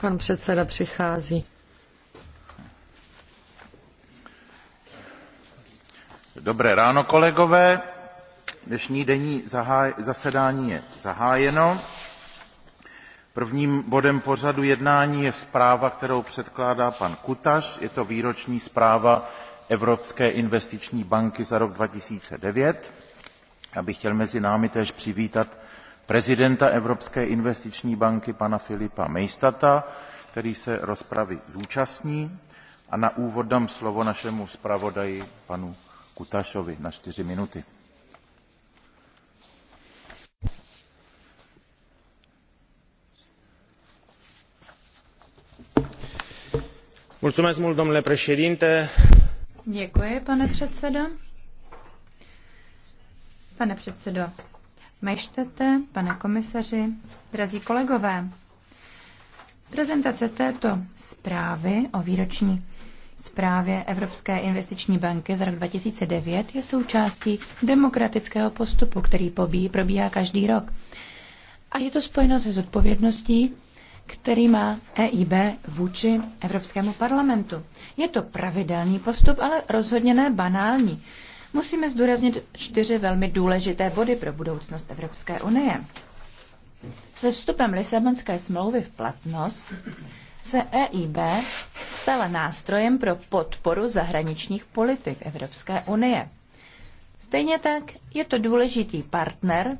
Pan předseda přichází. Dobré ráno, kolegové. Dnešní denní zasedání je zahájeno. Prvním bodem pořadu jednání je zpráva, kterou předkládá pan Kutaš. Je to výroční zpráva Evropské investiční banky za rok 2009. Já bych chtěl mezi námi též přivítat prezidenta Evropské investiční banky pana Filipa Mejstata, který se rozpravy zúčastní. A na úvod dám slovo našemu zpravodaji panu Kutašovi na čtyři minuty. Děkuji, pane předsedo. Pane předsedo, Mejštete, pane komisaři, drazí kolegové. Prezentace této zprávy o výroční zprávě Evropské investiční banky z rok 2009 je součástí demokratického postupu, který pobí, probíhá každý rok. A je to spojeno se zodpovědností, který má EIB vůči Evropskému parlamentu. Je to pravidelný postup, ale rozhodně ne banální musíme zdůraznit čtyři velmi důležité body pro budoucnost Evropské unie. Se vstupem Lisabonské smlouvy v platnost se EIB stala nástrojem pro podporu zahraničních politik Evropské unie. Stejně tak je to důležitý partner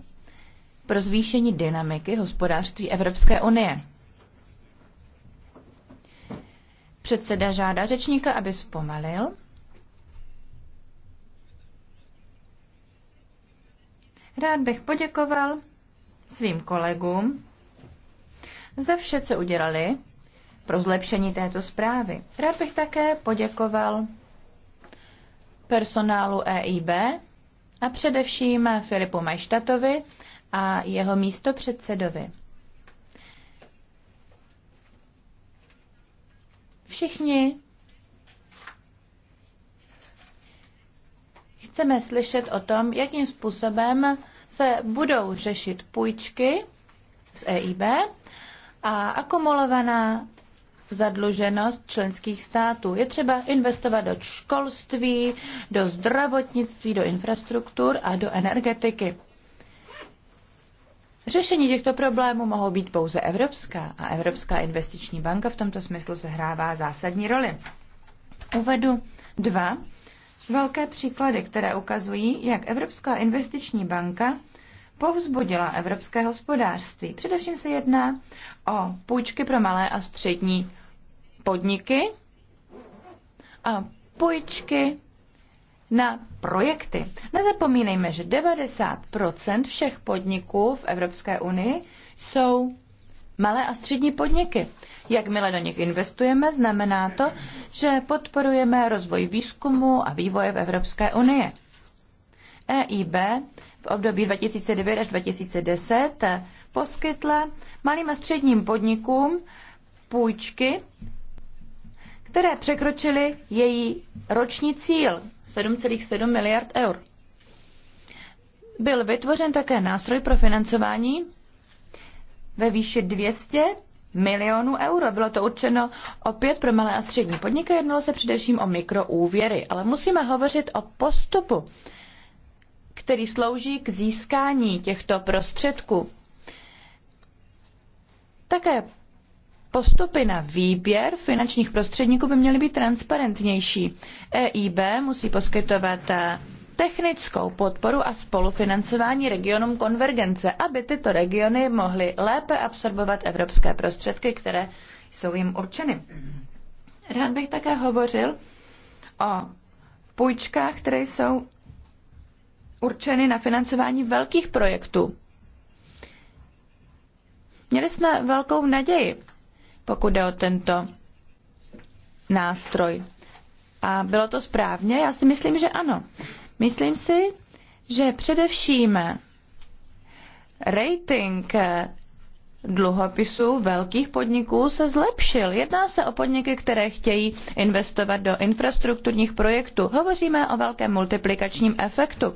pro zvýšení dynamiky hospodářství Evropské unie. Předseda žádá řečníka, aby zpomalil. Rád bych poděkoval svým kolegům za vše, co udělali pro zlepšení této zprávy. Rád bych také poděkoval personálu EIB a především Filipu Majštatovi a jeho místo předsedovi. Všichni Chceme slyšet o tom, jakým způsobem se budou řešit půjčky z EIB a akumulovaná zadluženost členských států. Je třeba investovat do školství, do zdravotnictví, do infrastruktur a do energetiky. Řešení těchto problémů mohou být pouze evropská a Evropská investiční banka v tomto smyslu sehrává zásadní roli. Uvedu dva velké příklady, které ukazují, jak Evropská investiční banka povzbudila evropské hospodářství. Především se jedná o půjčky pro malé a střední podniky a půjčky na projekty. Nezapomínejme, že 90% všech podniků v Evropské unii jsou malé a střední podniky. Jakmile do nich investujeme, znamená to, že podporujeme rozvoj výzkumu a vývoje v Evropské unie. EIB v období 2009 až 2010 poskytla malým a středním podnikům půjčky, které překročily její roční cíl 7,7 miliard eur. Byl vytvořen také nástroj pro financování ve výši 200 milionů euro. Bylo to určeno opět pro malé a střední podniky, jednalo se především o mikroúvěry, ale musíme hovořit o postupu, který slouží k získání těchto prostředků. Také postupy na výběr finančních prostředníků by měly být transparentnější. EIB musí poskytovat technickou podporu a spolufinancování regionům konvergence, aby tyto regiony mohly lépe absorbovat evropské prostředky, které jsou jim určeny. Rád bych také hovořil o půjčkách, které jsou určeny na financování velkých projektů. Měli jsme velkou naději, pokud jde o tento nástroj. A bylo to správně? Já si myslím, že ano. Myslím si, že především rating dluhopisů velkých podniků se zlepšil. Jedná se o podniky, které chtějí investovat do infrastrukturních projektů. Hovoříme o velkém multiplikačním efektu.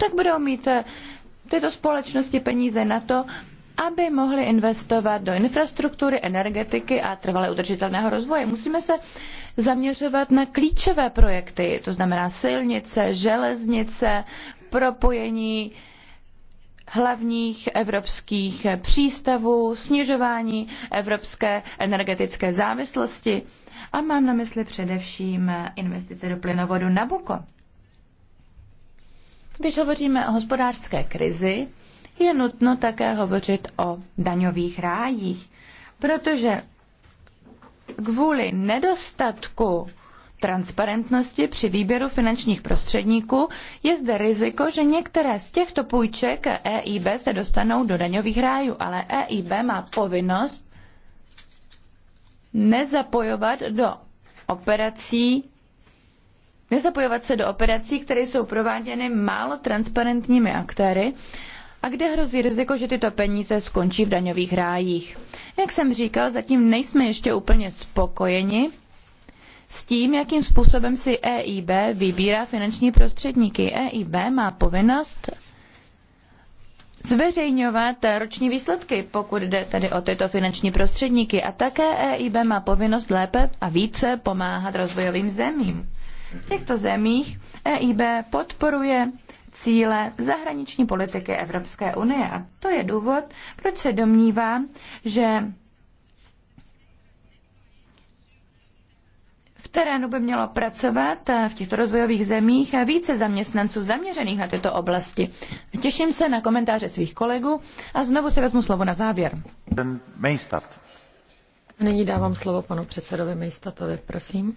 Tak budou mít eh, tyto společnosti peníze na to, aby mohli investovat do infrastruktury, energetiky a trvale udržitelného rozvoje. Musíme se zaměřovat na klíčové projekty, to znamená silnice, železnice, propojení hlavních evropských přístavů, snižování evropské energetické závislosti a mám na mysli především investice do plynovodu Nabuko. Když hovoříme o hospodářské krizi, je nutno také hovořit o daňových rájích, protože kvůli nedostatku transparentnosti při výběru finančních prostředníků je zde riziko, že některé z těchto půjček EIB se dostanou do daňových rájů, ale EIB má povinnost nezapojovat do operací nezapojovat se do operací, které jsou prováděny málo transparentními aktéry a kde hrozí riziko, že tyto peníze skončí v daňových rájích. Jak jsem říkal, zatím nejsme ještě úplně spokojeni s tím, jakým způsobem si EIB vybírá finanční prostředníky. EIB má povinnost zveřejňovat roční výsledky, pokud jde tedy o tyto finanční prostředníky. A také EIB má povinnost lépe a více pomáhat rozvojovým zemím. V těchto zemích EIB podporuje cíle zahraniční politiky Evropské unie. A to je důvod, proč se domnívám, že v terénu by mělo pracovat eh, v těchto rozvojových zemích eh, více zaměstnanců zaměřených na tyto oblasti. Těším se na komentáře svých kolegů a znovu si vezmu slovo na závěr. Nyní dávám slovo panu předsedovi Mejstatovi, prosím.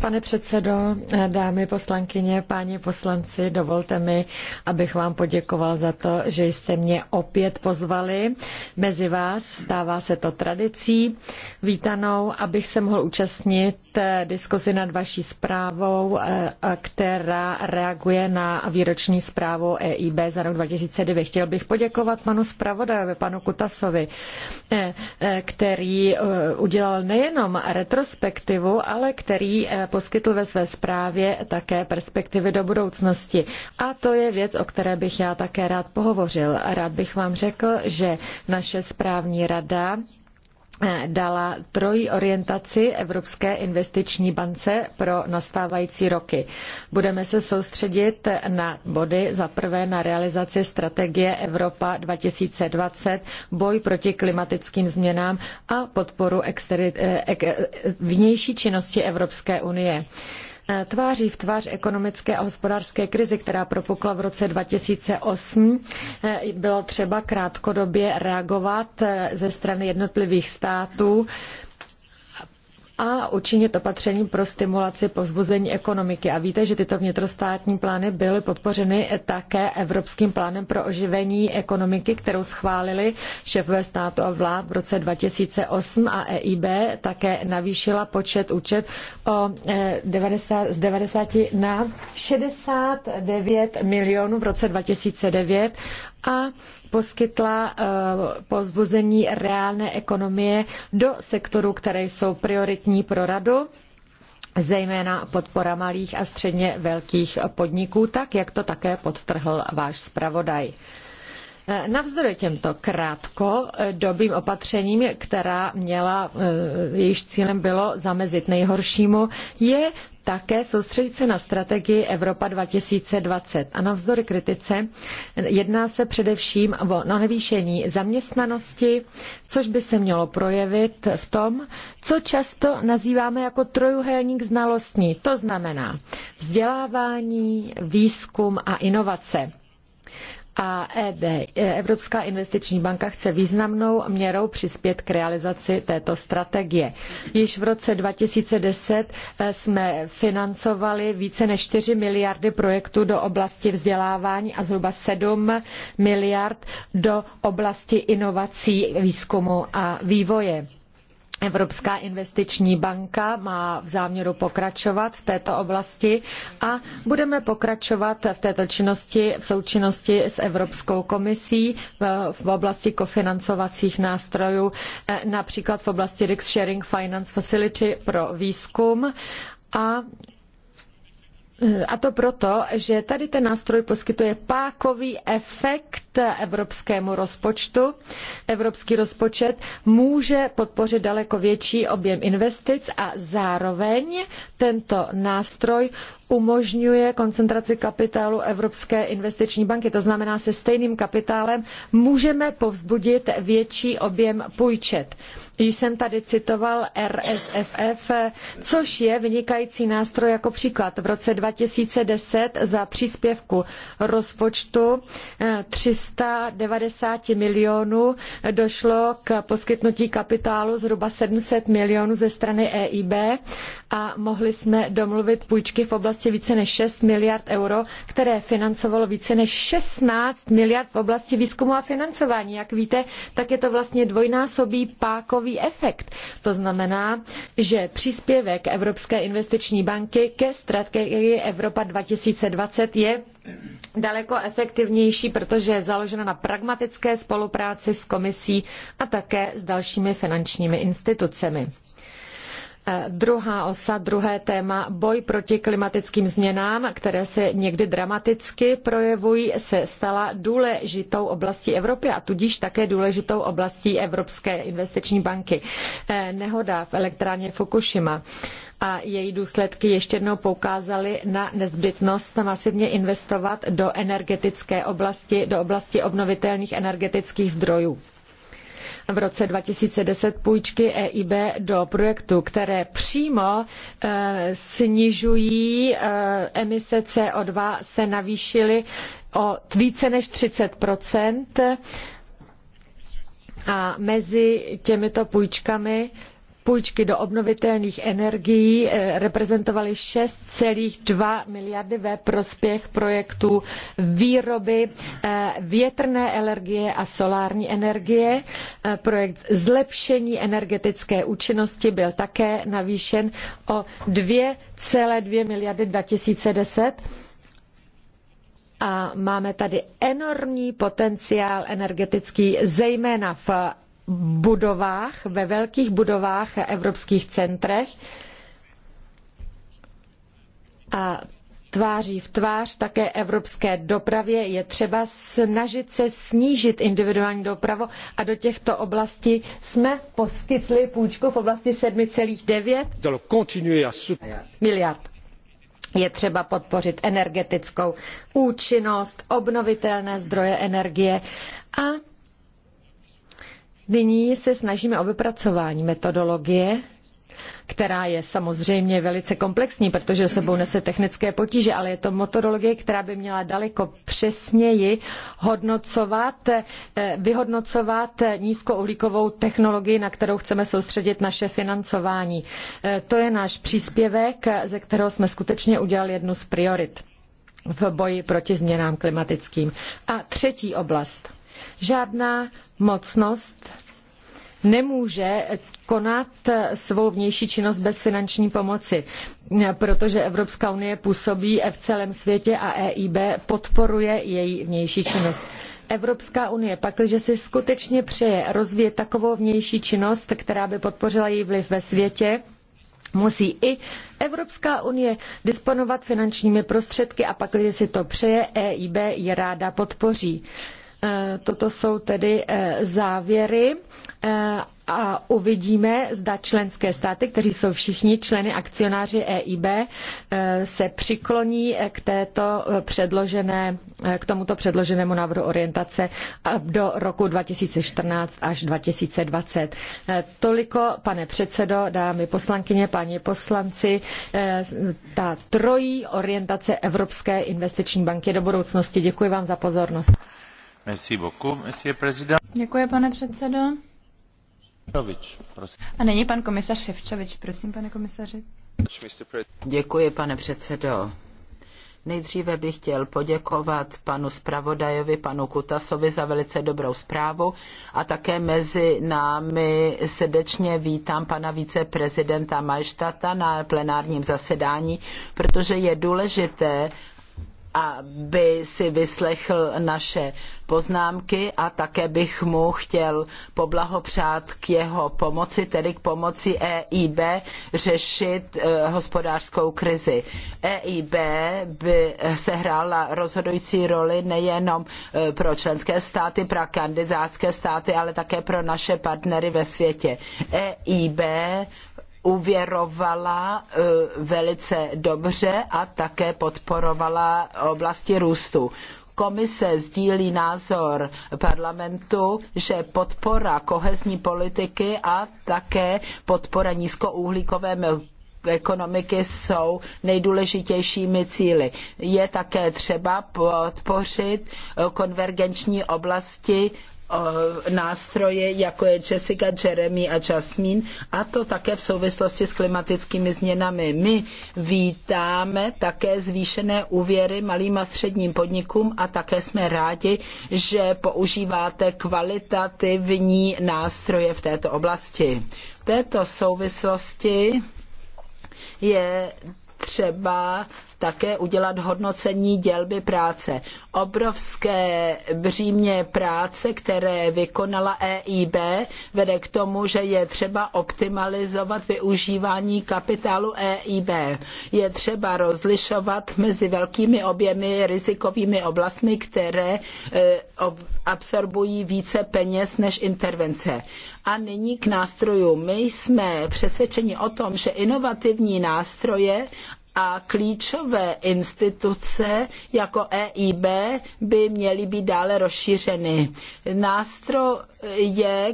Pane, předsedo, dámy poslankyně, páni poslanci, dovolte mi, abych vám poděkoval za to, že jste mě opět pozvali mezi vás. Stává se to tradicí vítanou, abych se mohl účastnit diskuzi nad vaší zprávou, eh, která reaguje na výroční zprávu EIB za rok 2009. Chtěl bych poděkovat panu zpravodajovi, panu Kutasovi, eh, eh, který udělal nejenom retrospektivu, ale který poskytl ve své zprávě také perspektivy do budoucnosti. A to je věc, o které bych já také rád pohovořil. Rád bych vám řekl, že naše správní rada Eh, dala trojí orientaci Evropské investiční bance pro nastávající roky. Budeme se soustředit na body za prvé na realizaci strategie Evropa 2020, boj proti klimatickým změnám a podporu exteri- eh, eh, vnější činnosti Evropské unie. E, tváří v tvář ekonomické a hospodářské krizi, která propukla v roce 2008, e, bylo třeba krátkodobě reagovat e, ze strany jednotlivých států a učinit opatření pro stimulaci povzbuzení ekonomiky. A víte, že tyto vnitrostátní plány byly podpořeny také Evropským plánem pro oživení ekonomiky, kterou schválili šéfové státu a vlád v roce 2008 a EIB také navýšila počet účet o 90, eh, z 90 na 69 milionů v roce 2009 a poskytla eh, pozbuzení reálné ekonomie do sektorů, které jsou prioritní pro radu zejména podpora malých a středně velkých podniků, tak jak to také podtrhl váš zpravodaj. Eh, navzdory těmto krátkodobým eh, opatřením, která měla, jejíž cílem bylo zamezit nejhoršímu, je také soustředit se na strategii Evropa 2020. A navzdory kritice jedná se především o navýšení zaměstnanosti, což by se mělo projevit v tom, co často nazýváme jako trojuhelník znalostní. To znamená vzdělávání, výzkum a inovace a EB, e, Evropská investiční banka chce významnou měrou přispět k realizaci této strategie. Již v roce 2010 e, jsme financovali více než 4 miliardy projektů do oblasti vzdělávání a zhruba 7 miliard do oblasti inovací, výzkumu a vývoje. Evropská investiční banka má v záměru pokračovat v této oblasti a budeme pokračovat v této činnosti v součinnosti s Evropskou komisí v oblasti kofinancovacích nástrojů, eh, například v oblasti Risk Sharing Finance Facility pro výzkum a a to proto, že tady ten nástroj poskytuje pákový efekt evropskému rozpočtu. Evropský rozpočet může podpořit daleko větší objem investic a zároveň tento nástroj umožňuje koncentraci kapitálu Evropské investiční banky, to znamená se stejným kapitálem můžeme povzbudit větší objem půjček. Již jsem tady citoval RSFF, což je vynikající nástroj jako příklad. V roce 2010 za příspěvku rozpočtu 390 eh, milionů došlo k poskytnutí kapitálu zhruba 700 milionů ze strany EIB a mohli jsme domluvit půjčky v oblasti oblasti více než 6 miliard euro, které financovalo více než 16 miliard v oblasti výzkumu a financování. Jak víte, tak je to vlastně dvojnásobý pákový efekt. To znamená, že příspěvek Evropské investiční banky ke strategii Evropa 2020 je daleko efektivnější, protože je založena na pragmatické spolupráci s komisí a také s dalšími finančními institucemi. Eh, druhá osa, druhé téma, boj proti klimatickým změnám, které se někdy dramaticky projevují, se stala důležitou oblastí Evropy a tudíž také důležitou oblastí Evropské investiční banky. Eh, nehoda v elektrárně Fukushima a její důsledky ještě jednou poukázaly na nezbytnost masivně investovat do energetické oblasti, do oblasti obnovitelných energetických zdrojů v roce 2010 půjčky EIB do projektů, které přímo eh, snižují eh, emise CO2, se navýšily o více než 30 a mezi těmito půjčkami půjčky do obnovitelných energií eh, reprezentovaly 6,2 miliardy ve prospěch projektů výroby eh, větrné energie a solární energie. Eh, projekt zlepšení energetické účinnosti byl také navýšen o 2,2 miliardy 2010 a máme tady enormní potenciál energetický, zejména v budovách, ve velkých budovách a evropských centrech a tváří v tvář také evropské dopravě je třeba snažit se snížit individuální dopravu a do těchto oblastí jsme poskytli půjčku v oblasti 7,9 miliard. Je třeba podpořit energetickou účinnost, obnovitelné zdroje energie a Nyní se snažíme o vypracování metodologie, která je samozřejmě velice komplexní, protože sebou nese technické potíže, ale je to metodologie, která by měla daleko přesněji hodnocovat, eh, vyhodnocovat nízkouhlíkovou technologii, na kterou chceme soustředit naše financování. Eh, to je náš příspěvek, ze kterého jsme skutečně udělali jednu z priorit v boji proti změnám klimatickým. A třetí oblast – Žádná mocnost nemůže konat svou vnější činnost bez finanční pomoci, protože Evropská unie působí v celém světě a EIB podporuje její vnější činnost. Evropská unie, pakliže si skutečně přeje rozvíjet takovou vnější činnost, která by podpořila její vliv ve světě, musí i Evropská unie disponovat finančními prostředky a pakliže si to přeje, EIB je ráda podpoří. Eh, toto jsou tedy eh, závěry eh, a uvidíme, zda členské státy, kteří jsou všichni členy akcionáři EIB, se přikloní k, této předložené, k tomuto předloženému návrhu orientace do roku 2014 až 2020. Toliko, pane předsedo, dámy poslankyně, páni poslanci, ta trojí orientace Evropské investiční banky do budoucnosti. Děkuji vám za pozornost. Děkuji, pane předsedo. A není pan komisař Ševčovič, prosím, pane komisaři. Děkuji, pane předsedo. Nejdříve bych chtěl poděkovat panu zpravodajovi, panu Kutasovi za velice dobrou zprávu a také mezi námi srdečně vítám pana viceprezidenta Majštata na plenárním zasedání, protože je důležité, aby si vyslechl naše poznámky a také bych mu chtěl poblahopřát k jeho pomoci, tedy k pomoci EIB řešit eh, hospodářskou krizi. EIB by sehrála rozhodující roli nejenom eh, pro členské státy, pro kandidátské státy, ale také pro naše partnery ve světě. EIB uvěrovala eh, velice dobře a také podporovala oblasti růstu komise sdílí názor parlamentu, že podpora kohezní politiky a také podpora nízkouhlíkové ekonomiky jsou nejdůležitějšími cíli. Je také třeba podpořit konvergenční oblasti Eh, nástroje, jako je Jessica, Jeremy a Jasmine, a to také v souvislosti s klimatickými změnami. My vítáme také zvýšené úvěry malým a středním podnikům a také jsme rádi, že používáte kvalitativní nástroje v této oblasti. V této souvislosti je třeba také udělat hodnocení dělby práce. Obrovské břímě práce, které vykonala EIB, vede k tomu, že je třeba optimalizovat využívání kapitálu EIB. Je třeba rozlišovat mezi velkými objemy rizikovými oblastmi, které e, absorbují více peněz než intervence. A nyní k nástrojům. My jsme přesvědčeni o tom, že inovativní nástroje a klíčové instituce jako EIB by měly být dále rozšířeny. Nástroje,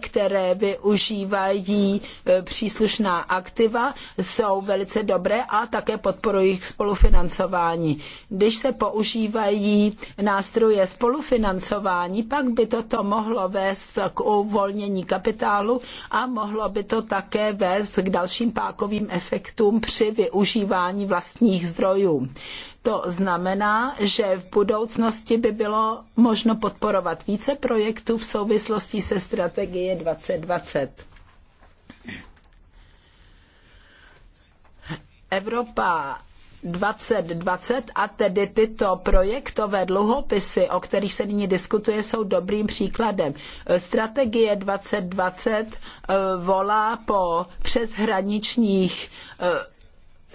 které využívají e, příslušná aktiva, jsou velice dobré a také podporují jejich spolufinancování. Když se používají nástroje spolufinancování, pak by toto mohlo vést k uvolnění kapitálu a mohlo by to také vést k dalším pákovým efektům při využívání vlastní vlastních zdrojů. To znamená, že v budoucnosti by bylo možno podporovat více projektů v souvislosti se strategie 2020. Evropa 2020 a tedy tyto projektové dluhopisy, o kterých se nyní diskutuje, jsou dobrým příkladem. Strategie 2020 eh, volá po přeshraničních eh,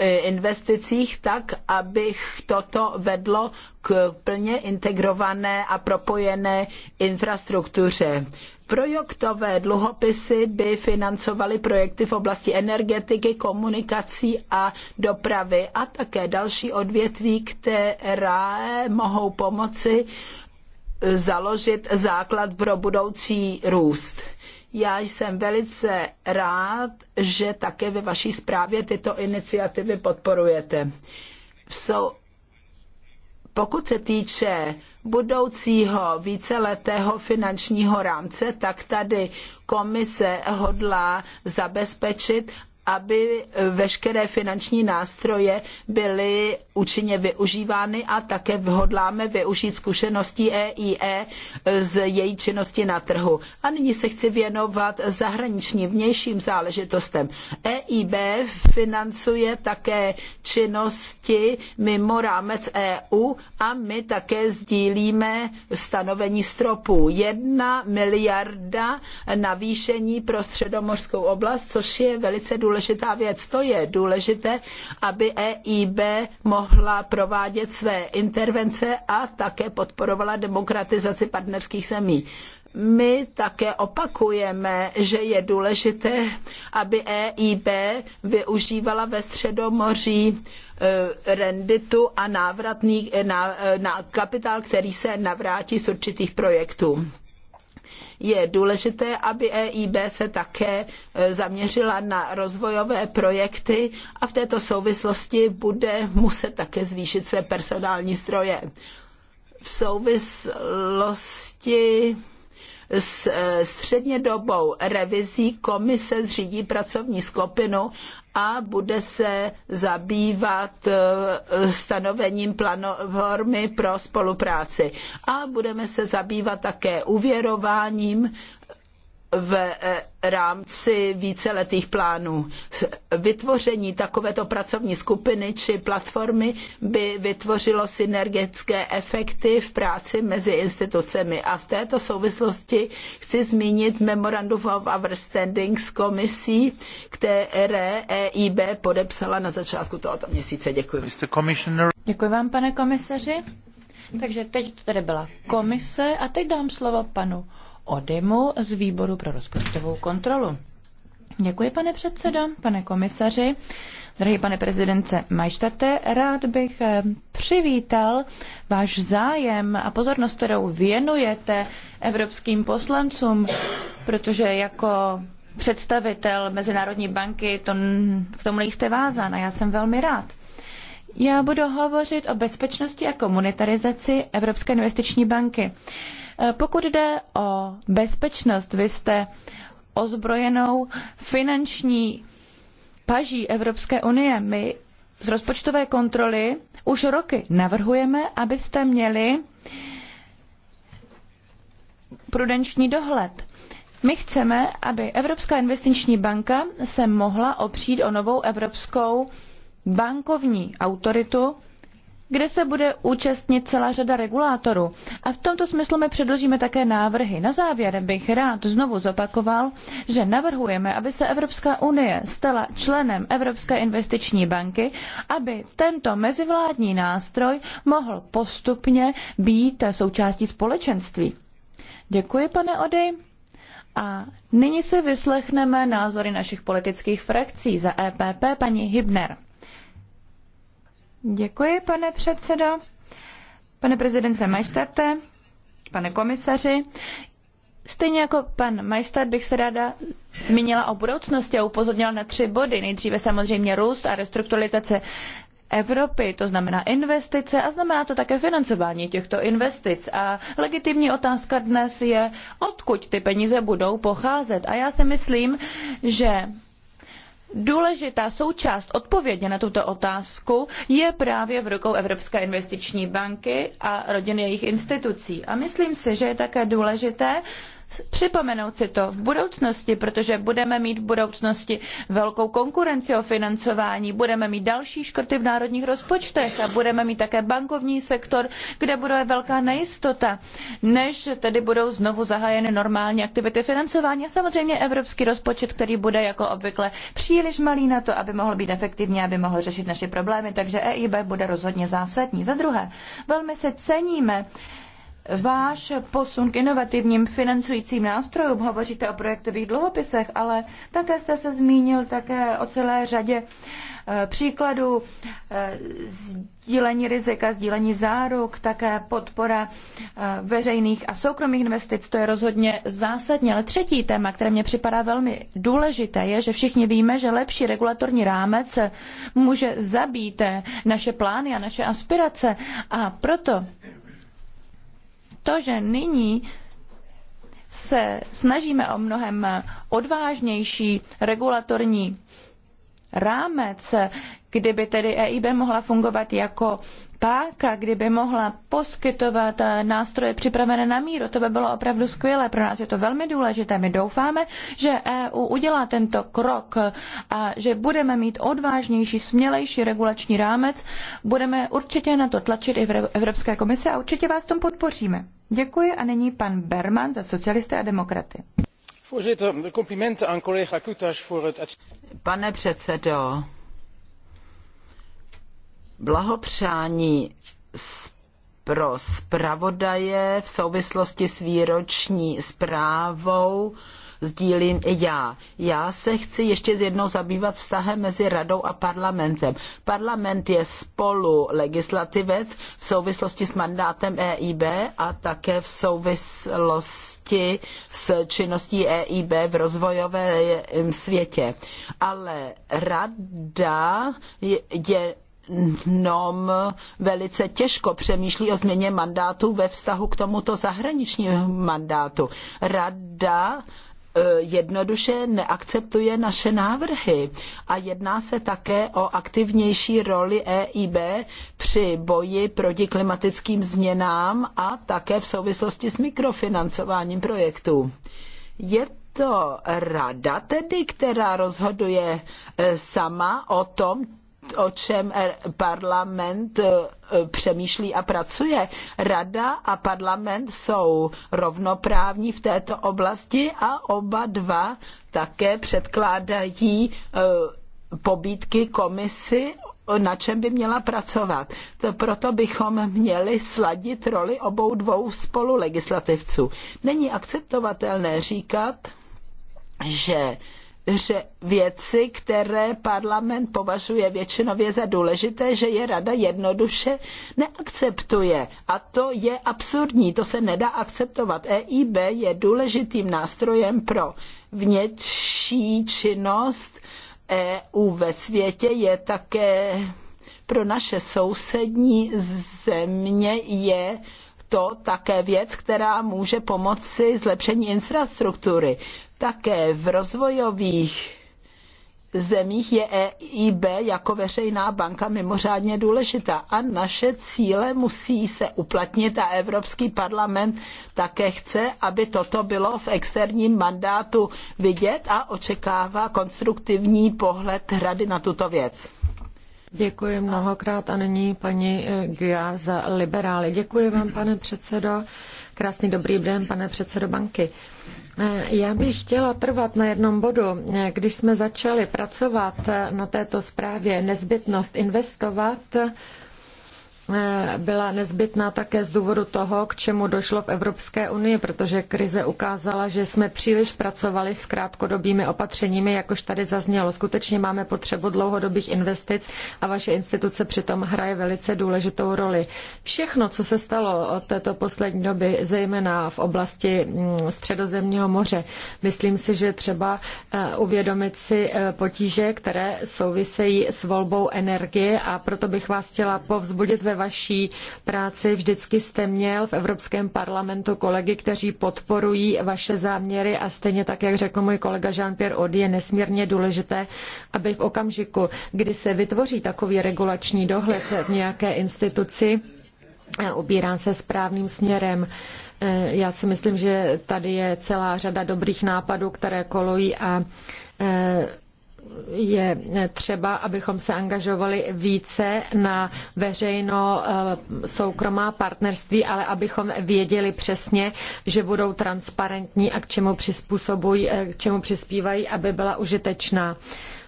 Eh, investicích tak, abych toto vedlo k plně integrované a propojené infrastruktuře. Projektové dluhopisy by financovaly projekty v oblasti energetiky, komunikací a dopravy a také další odvětví, která mohou pomoci založit základ pro budoucí růst. Já jsem velice rád, že také ve vaší zprávě tyto iniciativy podporujete. Jsou, pokud se týče budoucího víceletého finančního rámce, tak tady komise hodlá zabezpečit, aby veškeré finanční nástroje byly účinně využívány a také hodláme využít zkušeností EIE e z její činnosti na trhu. A nyní se chci věnovat zahraničním vnějším záležitostem. EIB financuje také činnosti mimo rámec EU a my také sdílíme stanovení stropů. Jedna miliarda navýšení pro středomořskou oblast, což je velice důležité důležitá věc. To je důležité, aby EIB mohla provádět své intervence a také podporovala demokratizaci partnerských zemí. My také opakujeme, že je důležité, aby EIB využívala ve Středomoří eh, renditu a návratný eh, na, eh, na kapitál, který se navrátí z určitých projektů je důležité, aby EIB se také e, zaměřila na rozvojové projekty a v této souvislosti bude muset také zvýšit své personální zdroje. V souvislosti s eh, střednědobou revizí komise zřídí pracovní skupinu a bude se zabývat eh, stanovením platformy pro spolupráci. A budeme se zabývat také uvěrováním v eh, rámci víceletých plánů. Vytvoření takovéto pracovní skupiny či platformy by vytvořilo synergické efekty v práci mezi institucemi. A v této souvislosti chci zmínit Memorandum of Understanding s komisí, které EIB podepsala na začátku tohoto měsíce. Děkuji. Děkuji vám, pane komisaři. Takže teď to tady byla komise a teď dám slovo panu Odimu z výboru pro rozpočtovou kontrolu. Děkuji, pane předsedo, pane komisaři. Drahý pane prezidence Majštate, rád bych eh, přivítal váš zájem a pozornost, kterou věnujete evropským poslancům, protože jako představitel Mezinárodní banky to, k tomu nejste vázán a já jsem velmi rád. Já budu hovořit o bezpečnosti a komunitarizaci Evropské investiční banky. Eh, pokud jde o bezpečnost, vy jste ozbrojenou finanční paží Evropské unie. My z rozpočtové kontroly už roky navrhujeme, abyste měli prudenční dohled. My chceme, aby Evropská investiční banka se mohla opřít o novou Evropskou bankovní autoritu, kde se bude účastnit celá řada regulátorů. A v tomto smyslu my předložíme také návrhy. Na závěr bych rád znovu zopakoval, že navrhujeme, aby se Evropská unie stala členem Evropské investiční banky, aby tento mezivládní nástroj mohl postupně být součástí společenství. Děkuji, pane Odej. A nyní si vyslechneme názory našich politických frakcí za EPP paní Hibner. Děkuji, pane předsedo. Pane prezidence Majštate, pane komisaři, Stejně jako pan Majstad bych se ráda zmínila o budoucnosti a upozornila na tři body. Nejdříve samozřejmě růst a restrukturalizace Evropy, to znamená investice a znamená to také financování těchto investic. A legitimní otázka dnes je, odkud ty peníze budou pocházet. A já si myslím, že důležitá součást odpovědi na tuto otázku je právě v rukou Evropské investiční banky a rodin jejich institucí. A myslím si, že je také důležité, připomenout si to v budoucnosti, protože budeme mít v budoucnosti velkou konkurenci o financování, budeme mít další škrty v národních rozpočtech a budeme mít také bankovní sektor, kde bude velká nejistota, než tedy budou znovu zahájeny normální aktivity financování a samozřejmě evropský rozpočet, který bude jako obvykle příliš malý na to, aby mohl být efektivní, aby mohl řešit naše problémy, takže EIB bude rozhodně zásadní. Za druhé, velmi se ceníme váš posun k inovativním financujícím nástrojům, hovoříte o projektových dluhopisech, ale také jste se zmínil také o celé řadě eh, příkladů eh, sdílení rizika, sdílení záruk, také podpora eh, veřejných a soukromých investic, to je rozhodně zásadní. Ale třetí téma, které mě připadá velmi důležité, je, že všichni víme, že lepší regulatorní rámec může zabít naše plány a naše aspirace. A proto to, že nyní se snažíme o mnohem odvážnější regulatorní rámec, kdyby tedy EIB mohla fungovat jako páka, kdyby mohla poskytovat eh, nástroje připravené na míru, to by bylo opravdu skvělé. Pro nás je to velmi důležité. My doufáme, že EU udělá tento krok a že budeme mít odvážnější, smělejší regulační rámec. Budeme určitě na to tlačit i v Evropské komise a určitě vás tom podpoříme. Děkuji a nyní pan Berman za socialisty a demokraty. Pane předsedo, blahopřání pro zpravodaje v souvislosti s výroční zprávou sdílím i já. Já se chci ještě jednou zabývat vztahem mezi radou a parlamentem. Parlament je spolu legislativec v souvislosti s mandátem EIB a také v souvislosti s činností EIB v rozvojovém světě. Ale rada je, je nom velice těžko přemýšlí o změně mandátu ve vztahu k tomuto zahraničnímu mandátu. Rada e, jednoduše neakceptuje naše návrhy a jedná se také o aktivnější roli EIB při boji proti klimatickým změnám a také v souvislosti s mikrofinancováním projektů. Je to rada tedy, která rozhoduje e, sama o tom, o čem parlament eh, přemýšlí a pracuje. Rada a parlament jsou rovnoprávní v této oblasti a oba dva také předkládají eh, pobídky komisi na čem by měla pracovat. To proto bychom měli sladit roli obou dvou spolulegislativců. Není akceptovatelné říkat, že že věci, které parlament považuje většinově za důležité, že je rada jednoduše neakceptuje. A to je absurdní, to se nedá akceptovat. EIB je důležitým nástrojem pro vnější činnost EU ve světě, je také pro naše sousední země je to také věc, která může pomoci zlepšení infrastruktury. Také v rozvojových zemích je EIB jako veřejná banka mimořádně důležitá a naše cíle musí se uplatnit a Evropský parlament také chce, aby toto bylo v externím mandátu vidět a očekává konstruktivní pohled Rady na tuto věc. Děkuji mnohokrát a nyní paní eh, Guiar za liberály. Děkuji vám, pane předsedo. Krásný dobrý den, pane předsedo banky. Eh, já bych chtěla trvat na jednom bodu. Eh, když jsme začali pracovat na této zprávě, nezbytnost investovat Eh, byla nezbytná také z důvodu toho, k čemu došlo v Evropské unii, protože krize ukázala, že jsme příliš pracovali s krátkodobými opatřeními, jakož tady zaznělo. Skutečně máme potřebu dlouhodobých investic a vaše instituce přitom hraje velice důležitou roli. Všechno, co se stalo od této poslední doby, zejména v oblasti mm, středozemního moře, myslím si, že třeba eh, uvědomit si eh, potíže, které souvisejí s volbou energie a proto bych vás chtěla povzbudit ve vaší práci. Vždycky jste měl v Evropském parlamentu kolegy, kteří podporují vaše záměry a stejně tak, jak řekl můj kolega Jean-Pierre Odi, je nesmírně důležité, aby v okamžiku, kdy se vytvoří takový regulační dohled v nějaké instituci, eh, ubírá se správným směrem. Eh, já si myslím, že tady je celá řada dobrých nápadů, které kolují a eh, je třeba, abychom se angažovali více na veřejno eh, soukromá partnerství, ale abychom věděli přesně, že budou transparentní a k čemu, eh, k čemu přispívají, aby byla užitečná.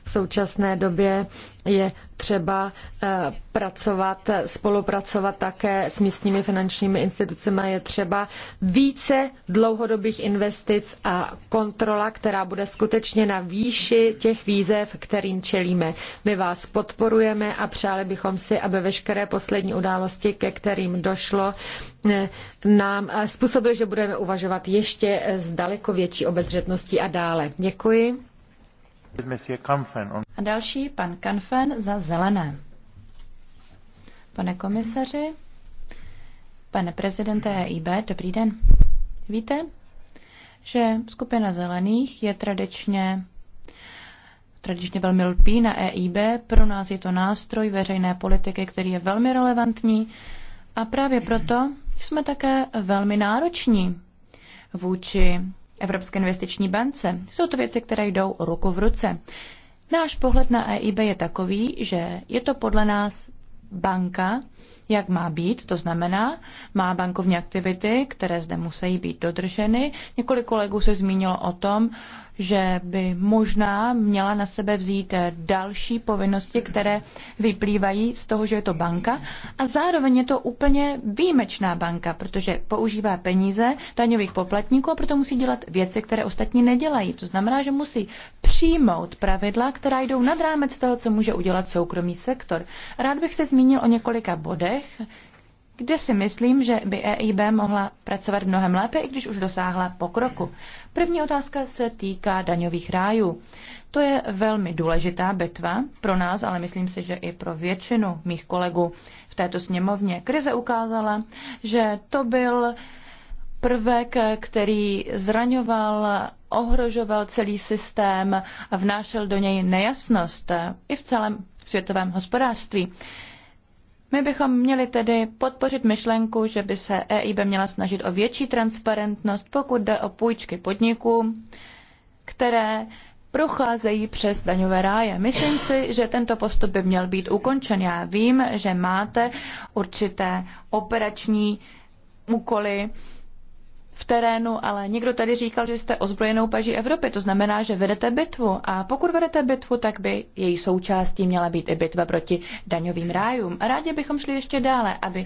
V současné době je třeba eh, pracovat, spolupracovat také s místními finančními institucemi. Je třeba více dlouhodobých investic a kontrola, která bude skutečně na výši těch výzev, kterým čelíme. My vás podporujeme a přáli bychom si, aby veškeré poslední události, ke kterým došlo, eh, nám eh, způsobily, že budeme uvažovat ještě s daleko větší obezřetností a dále. Děkuji. A další pan Kanfen za zelené. Pane komisaři, pane prezidente EIB, dobrý den. Víte, že skupina zelených je tradičně tradičně velmi lpí na EIB. Pro nás je to nástroj veřejné politiky, který je velmi relevantní a právě proto jsme také velmi nároční vůči Evropské investiční bance. Jsou to věci, které jdou ruku v ruce. Náš pohled na EIB je takový, že je to podle nás banka, jak má být, to znamená, má bankovní aktivity, které zde musí být dodrženy. Několik kolegů se zmínilo o tom, že by možná měla na sebe vzít eh, další povinnosti, které vyplývají z toho, že je to banka a zároveň je to úplně výjimečná banka, protože používá peníze daňových poplatníků a proto musí dělat věci, které ostatní nedělají. To znamená, že musí přijmout pravidla, která jdou nad rámec toho, co může udělat soukromý sektor. Rád bych se zmínil o několika bodech, kde si myslím, že by EIB mohla pracovat mnohem lépe, i když už dosáhla pokroku. První otázka se týká daňových rájů. To je velmi důležitá bitva pro nás, ale myslím si, že i pro většinu mých kolegů v této sněmovně. Krize ukázala, že to byl prvek, který zraňoval, ohrožoval celý systém a vnášel do něj nejasnost i v celém světovém hospodářství. My bychom měli tedy podpořit myšlenku, že by se EIB měla snažit o větší transparentnost, pokud jde o půjčky podnikům, které procházejí přes daňové ráje. Myslím si, že tento postup by měl být ukončen. Já vím, že máte určité operační úkoly, v terénu, ale někdo tady říkal, že jste ozbrojenou paží Evropy. To znamená, že vedete bitvu. A pokud vedete bitvu, tak by její součástí měla být i bitva proti daňovým rájům. A rádi bychom šli ještě dále, aby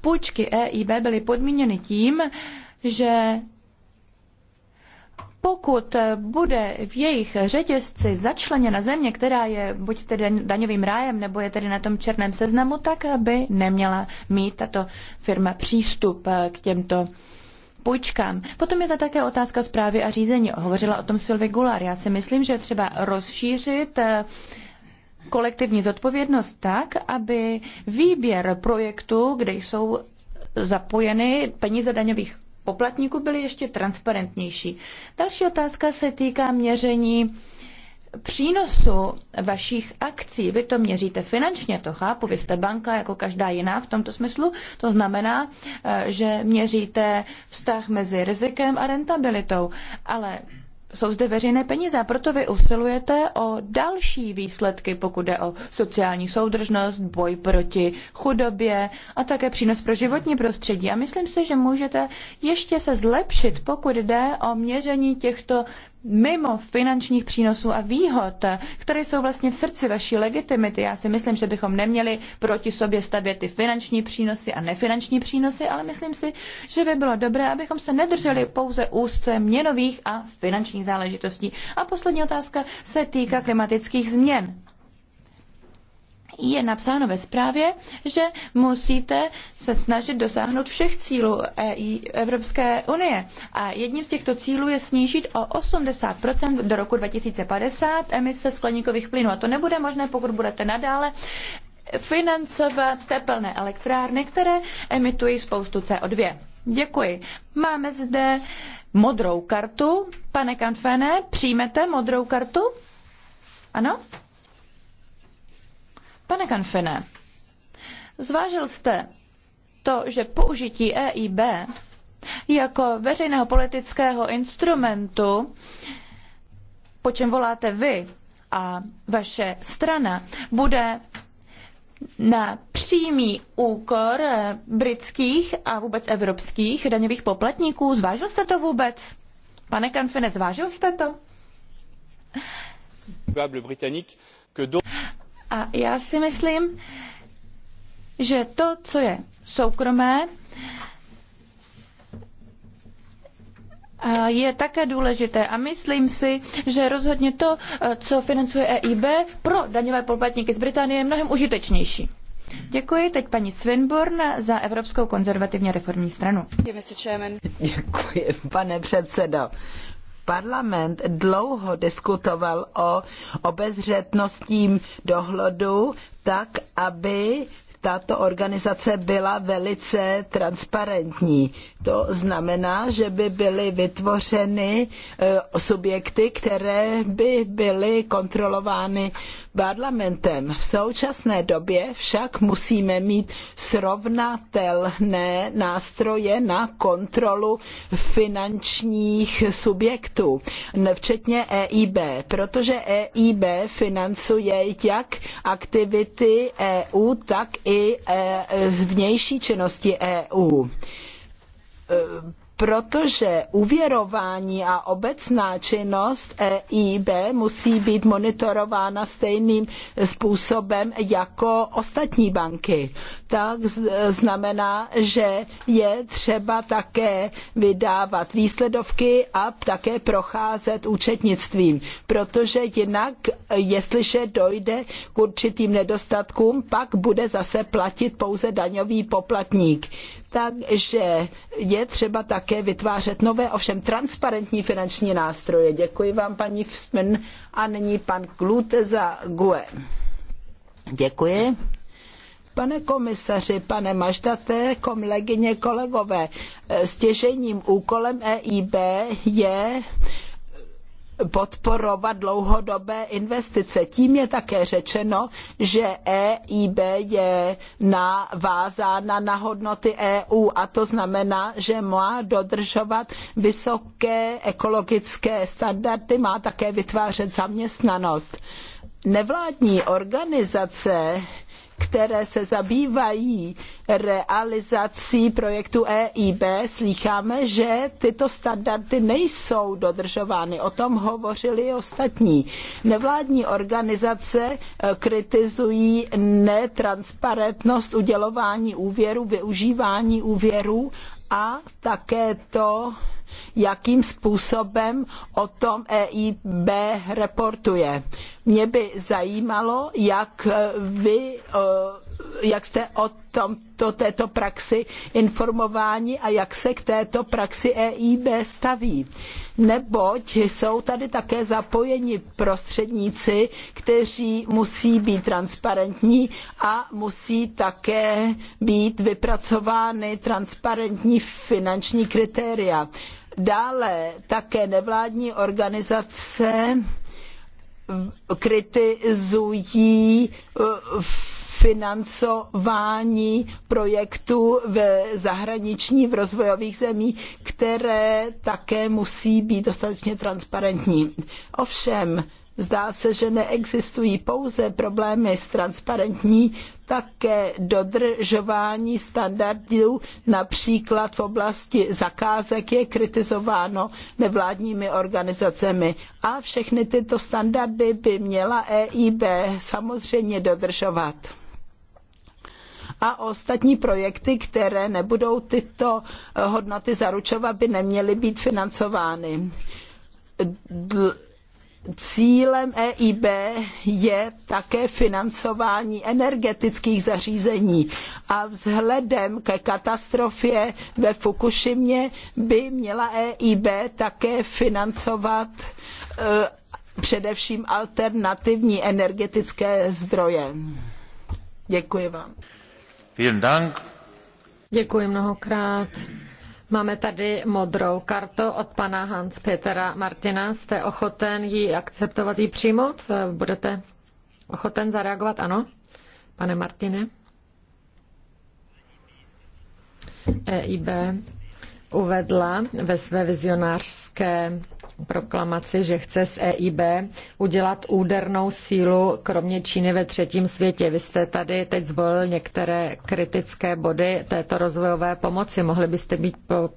půjčky EIB byly podmíněny tím, že pokud bude v jejich řetězci začleněna země, která je buď tedy daňovým rájem, nebo je tedy na tom černém seznamu, tak by neměla mít tato firma přístup eh, k těmto půjčkám. Potom je to také otázka zprávy a řízení. Hovořila o tom Sylvie Gular. Já si myslím, že třeba rozšířit eh, kolektivní zodpovědnost tak, aby výběr projektů, kde jsou zapojeny peníze daňových poplatníků byly ještě transparentnější. Další otázka se týká měření přínosu vašich akcí. Vy to měříte finančně, to chápu, vy jste banka jako každá jiná v tomto smyslu. To znamená, eh, že měříte vztah mezi rizikem a rentabilitou. Ale jsou zde veřejné peníze a proto vy usilujete o další výsledky, pokud jde o sociální soudržnost, boj proti chudobě a také přínos pro životní prostředí. A myslím si, že můžete ještě se zlepšit, pokud jde o měření těchto mimo finančních přínosů a výhod, které jsou vlastně v srdci vaší legitimity. Já si myslím, že bychom neměli proti sobě stavět ty finanční přínosy a nefinanční přínosy, ale myslím si, že by bylo dobré, abychom se nedrželi pouze úzce měnových a finančních záležitostí. A poslední otázka se týká klimatických změn je napsáno ve zprávě, že musíte se snažit dosáhnout všech cílů e Evropské unie. A jedním z těchto cílů je snížit o 80 do roku 2050 emise skleníkových plynů. A to nebude možné, pokud budete nadále financovat tepelné elektrárny, které emitují spoustu CO2. Děkuji. Máme zde modrou kartu. Pane Kanfene, přijmete modrou kartu? Ano? Pane Kanfine, zvážil jste to, že použití EIB jako veřejného politického instrumentu, po čem voláte vy a vaše strana, bude na přímý úkor britských a vůbec evropských daňových poplatníků. Zvážil jste to vůbec? Pane Kanfine, zvážil jste to? A já si myslím, že to, co je soukromé, je také důležité a myslím si, že rozhodně to, co financuje EIB pro daňové poplatníky z Británie, je mnohem užitečnější. Děkuji teď paní Svinborn za Evropskou konzervativně reformní stranu. Děkuji, pane předsedo. Parlament dlouho diskutoval o obezřetnostním dohledu tak, aby tato organizace byla velice transparentní. To znamená, že by byly vytvořeny e, subjekty, které by byly kontrolovány parlamentem. V současné době však musíme mít srovnatelné nástroje na kontrolu finančních subjektů, včetně EIB, protože EIB financuje jak aktivity EU, tak i i e, z vnější činnosti EU e, protože uvěrování a obecná činnost EIB musí být monitorována stejným způsobem jako ostatní banky. Tak znamená, že je třeba také vydávat výsledovky a také procházet účetnictvím, protože jinak, jestliže dojde k určitým nedostatkům, pak bude zase platit pouze daňový poplatník takže je třeba také vytvářet nové, ovšem transparentní finanční nástroje. Děkuji vám, paní Fisman. A nyní pan Klute za GUE. Děkuji. Pane komisaři, pane Maždate, kolegyně, kolegové, stěžejním úkolem EIB je podporovat dlouhodobé investice. Tím je také řečeno, že EIB je navázána na hodnoty EU a to znamená, že má dodržovat vysoké ekologické standardy, má také vytvářet zaměstnanost. Nevládní organizace které se zabývají realizací projektu EIB, slýcháme, že tyto standardy nejsou dodržovány. O tom hovořili i ostatní. Nevládní organizace eh, kritizují netransparentnost udělování úvěru, využívání úvěru a také to, jakým způsobem o tom EIB reportuje. Mě by zajímalo, jak eh, vy, eh, jak jste o tomto, této praxi informováni a jak se k této praxi EIB staví. Neboť jsou tady také zapojeni prostředníci, kteří musí být transparentní a musí také být vypracovány transparentní finanční kritéria. Dále také nevládní organizace kritizují eh, financování projektů v zahraničí, v rozvojových zemích, které také musí být dostatečně transparentní. Ovšem, Zdá se, že neexistují pouze problémy s transparentní, také dodržování standardů, například v oblasti zakázek je kritizováno nevládními organizacemi. A všechny tyto standardy by měla EIB samozřejmě dodržovat a ostatní projekty, které nebudou tyto hodnoty zaručovat, by neměly být financovány. Cílem EIB je také financování energetických zařízení a vzhledem ke katastrofě ve Fukušimě by měla EIB také financovat eh, především alternativní energetické zdroje. Děkuji vám. Vielen Dank. Děkuji mnohokrát. Máme tady modrou kartu od pana Hans Petera Martina. Jste ochoten ji akceptovat, ji přijmout? Eh, budete ochoten zareagovat? Ano, pane Martine. EIB uvedla ve své vizionářské proklamaci, že chce z EIB udělat údernou sílu kromě Číny ve třetím světě. Vy jste tady teď zvolil některé kritické body této rozvojové pomoci. Mohli byste být po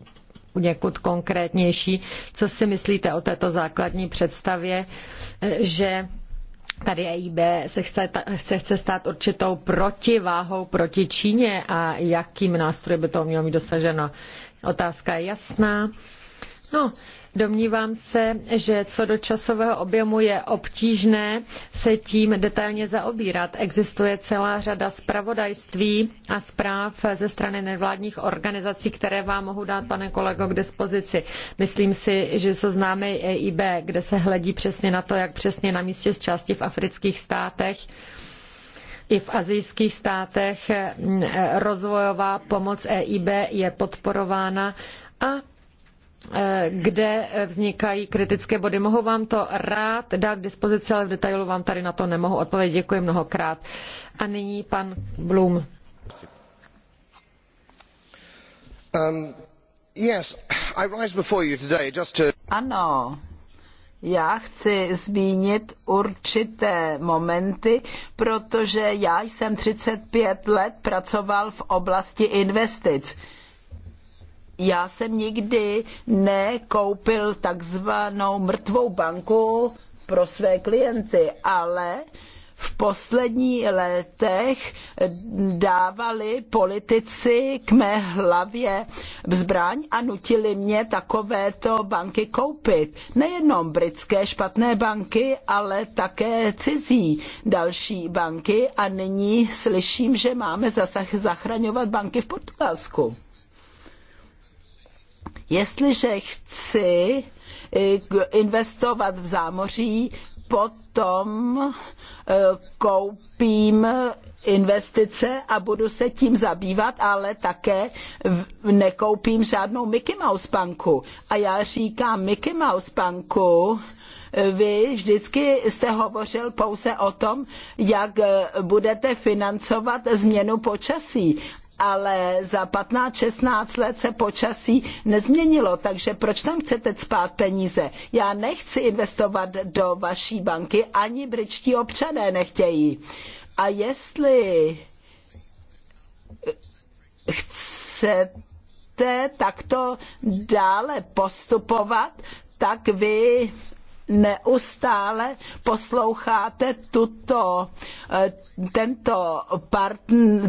někud konkrétnější. Co si myslíte o této základní představě, že tady EIB se chce, se chce stát určitou protiváhou proti Číně a jakým nástrojem by to mělo mít dosaženo. Otázka je jasná. No, domnívám se, že co do časového objemu je obtížné se tím detailně zaobírat. Existuje celá řada zpravodajství a zpráv ze strany nevládních organizací, které vám mohu dát, pane kolego, k dispozici. Myslím si, že jsou známe EIB, kde se hledí přesně na to, jak přesně na místě z části v afrických státech i v azijských státech eh, eh, rozvojová pomoc EIB je podporována a eh, kde vznikají kritické body. Mohu vám to rád dát k dispozici, ale v detailu vám tady na to nemohu odpovědět. Děkuji mnohokrát. A nyní pan Blum. Um, ano, já chci zmínit určité momenty, protože já jsem 35 let pracoval v oblasti investic. Já jsem nikdy nekoupil takzvanou mrtvou banku pro své klienty, ale v posledních letech dávali politici k mé hlavě zbraň a nutili mě takovéto banky koupit. Nejenom britské špatné banky, ale také cizí další banky a nyní slyším, že máme zasah zachraňovat banky v Portugalsku. Jestliže chci eh, investovat v zámoří, potom eh, koupím investice a budu se tím zabývat, ale také nekoupím žádnou Mickey Mouse banku. A já říkám Mickey Mouse banku, vy vždycky jste hovořil pouze o tom, jak eh, budete financovat změnu počasí, ale za 15-16 let se počasí nezměnilo, takže proč tam chcete spát peníze? Já nechci investovat do vaší banky, ani britští občané nechtějí. A jestli eh, chcete takto dále postupovat, tak vy neustále posloucháte tuto, eh, tento, par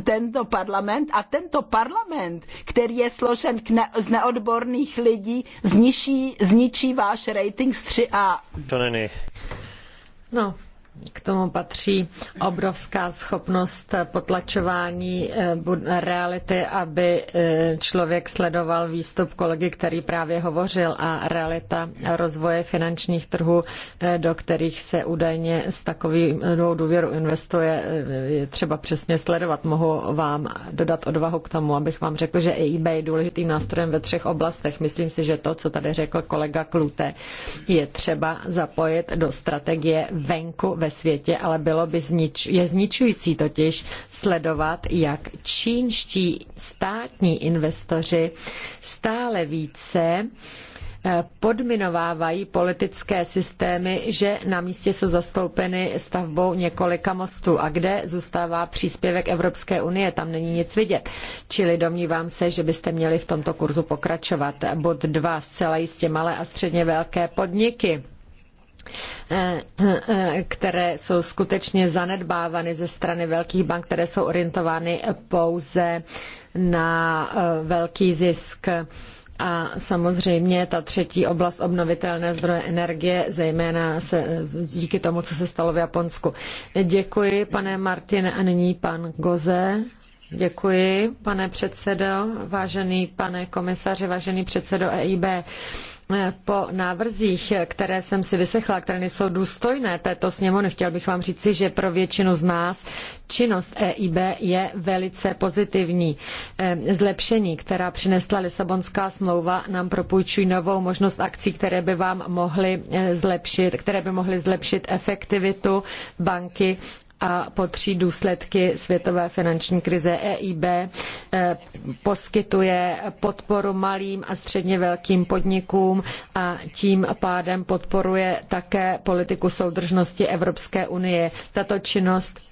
tento parlament a tento parlament, který je složen k ne, z neodborných lidí, zničí, zničí váš rating z 3A. No, k tomu patří obrovská schopnost potlačování eh, reality, aby eh, člověk sledoval výstup kolegy, který právě hovořil, a realita rozvoje finančních trhů, eh, do kterých se údajně s takovou důvěrou investuje, je třeba přesně sledovat. Mohu vám dodat odvahu k tomu, abych vám řekl, že EIB je důležitým nástrojem ve třech oblastech. Myslím si, že to, co tady řekl kolega Klute, je třeba zapojit do strategie venku ve ve světě, ale bylo by znič, je zničující totiž sledovat, jak čínští státní investoři stále více eh, podminovávají politické systémy, že na místě jsou zastoupeny stavbou několika mostů a kde zůstává příspěvek Evropské unie, tam není nic vidět. Čili domnívám se, že byste měli v tomto kurzu pokračovat. Bod dva zcela jistě malé a středně velké podniky které jsou skutečně zanedbávány ze strany velkých bank, které jsou orientovány pouze na eh, velký zisk. A samozřejmě ta třetí oblast obnovitelné zdroje energie, zejména se, díky tomu, co se stalo v Japonsku. Děkuji, pane Martine, a nyní pan Goze. Děkuji, pane předsedo, vážený pane komisaři, vážený předsedo EIB po návrzích, které jsem si vyslechla, které nejsou důstojné této sněmovny, chtěl bych vám říci, že pro většinu z nás činnost EIB je velice pozitivní. Ehm, zlepšení, která přinesla Lisabonská smlouva, nám propůjčují novou možnost akcí, které by vám mohly eh, zlepšit, které by mohly zlepšit efektivitu banky a potří důsledky světové finanční krize EIB eh, poskytuje podporu malým a středně velkým podnikům a tím pádem podporuje také politiku soudržnosti Evropské unie. Tato činnost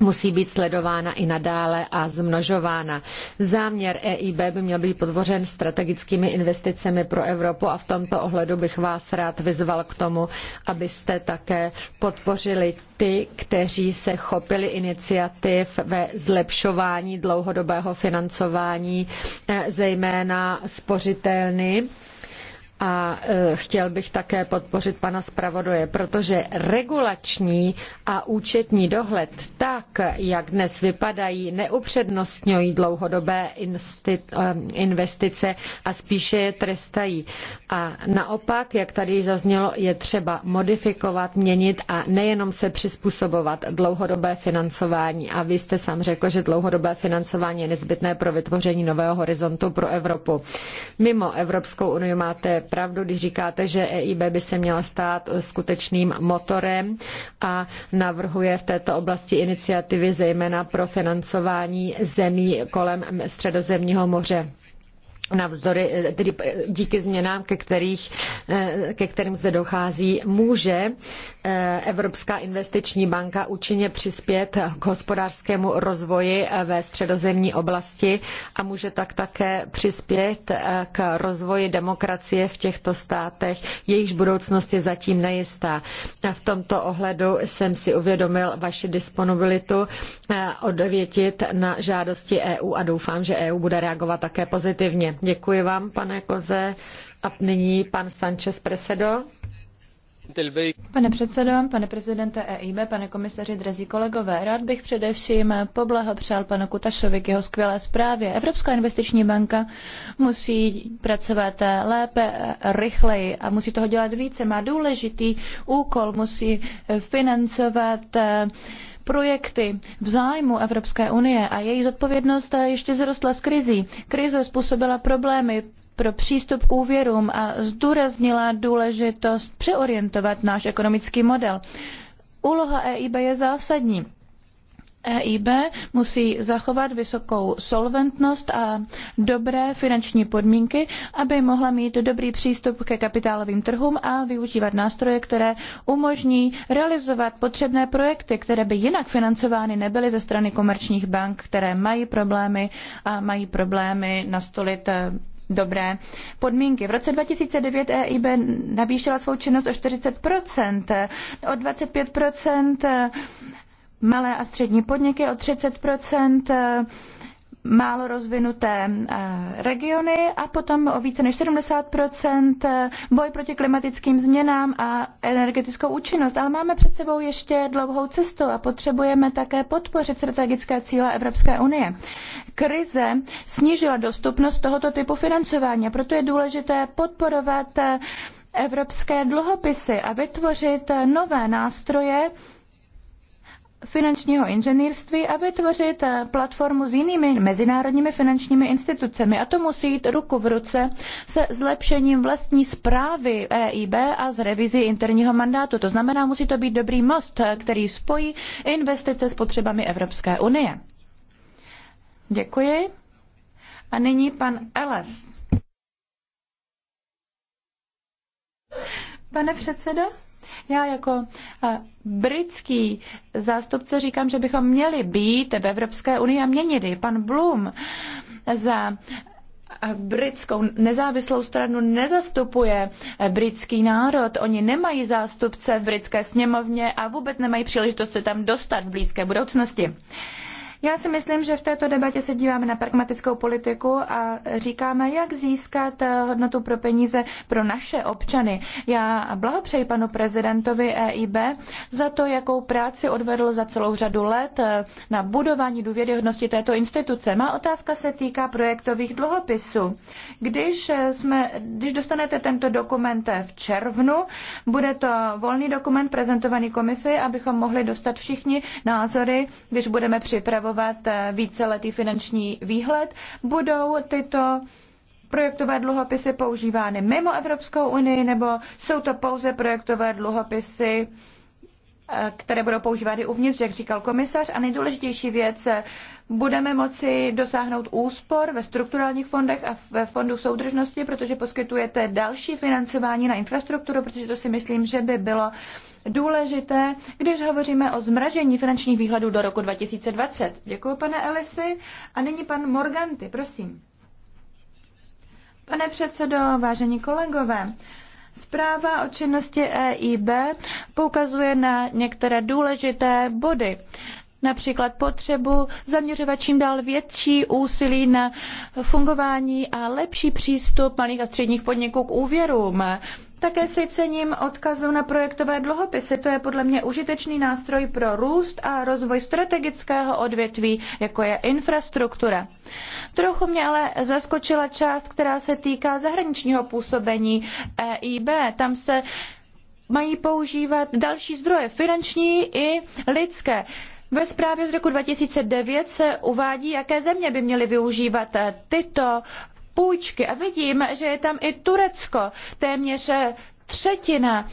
musí být sledována i nadále a zmnožována. Záměr EIB by měl být podpořen strategickými investicemi pro Evropu a v tomto ohledu bych vás rád vyzval k tomu, abyste také podpořili ty, kteří se chopili iniciativ ve zlepšování dlouhodobého financování, eh, zejména spořitelny a e, chtěl bych také podpořit pana zpravodaje, protože regulační a účetní dohled tak, jak dnes vypadají, neupřednostňují dlouhodobé e, investice a spíše je trestají. A naopak, jak tady již zaznělo, je třeba modifikovat, měnit a nejenom se přizpůsobovat dlouhodobé financování. A vy jste sám řekl, že dlouhodobé financování je nezbytné pro vytvoření nového horizontu pro Evropu. Mimo Evropskou unii máte pravdu, když říkáte, že EIB by se měla stát skutečným motorem a navrhuje v této oblasti iniciativy zejména pro financování zemí kolem Středozemního moře navzdory, eh, tedy eh, díky změnám, ke, kterých, eh, ke kterým zde dochází, může Evropská investiční banka účinně přispět k hospodářskému rozvoji ve středozemní oblasti a může tak také přispět k rozvoji demokracie v těchto státech, jejichž budoucnost je zatím nejistá. A v tomto ohledu jsem si uvědomil vaši disponibilitu odvětit na žádosti EU a doufám, že EU bude reagovat také pozitivně. Děkuji vám, pane Koze. A nyní pan Sanchez Presedo. Pane předsedo, pane prezidente EIB, pane komisaři, drazí kolegové, rád bych především poblahopřál panu Kutašovi k jeho skvělé zprávě. Evropská investiční banka musí pracovat lépe, rychleji a musí toho dělat více. Má důležitý úkol, musí financovat uh, projekty v zájmu Evropské unie a její zodpovědnost ještě zrostla s krizí. Krize způsobila problémy pro přístup k úvěrům a zdůraznila důležitost přeorientovat náš ekonomický model. Úloha EIB je zásadní EIB musí zachovat vysokou solventnost a dobré finanční podmínky, aby mohla mít dobrý přístup ke kapitálovým trhům a využívat nástroje, které umožní realizovat potřebné projekty, které by jinak financovány nebyly ze strany komerčních bank, které mají problémy a mají problémy nastolit eh, dobré podmínky. V roce 2009 EIB navýšila svou činnost o 40%, o 25% malé a střední podniky o 30 eh, málo rozvinuté eh, regiony a potom o více než 70 eh, boj proti klimatickým změnám a energetickou účinnost. Ale máme před sebou ještě dlouhou cestu a potřebujeme také podpořit strategické cíle Evropské unie. Krize snížila dostupnost tohoto typu financování a proto je důležité podporovat evropské dluhopisy a vytvořit nové nástroje, finančního inženýrství a vytvořit eh, platformu s jinými mezinárodními finančními institucemi. A to musí jít ruku v ruce se zlepšením vlastní zprávy EIB a s revizí interního mandátu. To znamená, musí to být dobrý most, eh, který spojí investice s potřebami Evropské unie. Děkuji. A nyní pan Eles. Pane předsedo? Já jako britský zástupce říkám, že bychom měli být v Evropské unii a měnit ji. Pan Blum za britskou nezávislou stranu nezastupuje britský národ. Oni nemají zástupce v britské sněmovně a vůbec nemají příležitost se tam dostat v blízké budoucnosti. Já si myslím, že v této debatě se díváme na pragmatickou politiku a říkáme, jak získat eh, hodnotu pro peníze pro naše občany. Já blahopřeji panu prezidentovi EIB za to, jakou práci odvedl za celou řadu let eh, na budování důvěryhodnosti této instituce. Má otázka se týká projektových dluhopisů. Když, eh, jsme, když dostanete tento dokument v červnu, bude to volný dokument prezentovaný komisi, abychom mohli dostat všichni názory, když budeme připravovat připravovat eh, víceletý finanční výhled, budou tyto projektové dluhopisy používány mimo Evropskou unii, nebo jsou to pouze projektové dluhopisy které budou i uvnitř, jak říkal komisař. A nejdůležitější věc, budeme moci dosáhnout úspor ve strukturálních fondech a ve fondu soudržnosti, protože poskytujete další financování na infrastrukturu, protože to si myslím, že by bylo důležité, když hovoříme o zmražení finančních výhledů do roku 2020. Děkuji, pane Elisi. A nyní pan Morganti, prosím. Pane předsedo, vážení kolegové, Zpráva o činnosti EIB poukazuje na některé důležité body například potřebu zaměřovat čím dál větší úsilí na fungování a lepší přístup malých a středních podniků k úvěrům. Také si cením odkazu na projektové dluhopisy. To je podle mě užitečný nástroj pro růst a rozvoj strategického odvětví, jako je infrastruktura. Trochu mě ale zaskočila část, která se týká zahraničního působení EIB. Tam se mají používat další zdroje, finanční i lidské. Ve zprávě z roku 2009 se uvádí, jaké země by měly využívat tyto půjčky. A vidím, že je tam i Turecko. Téměř třetina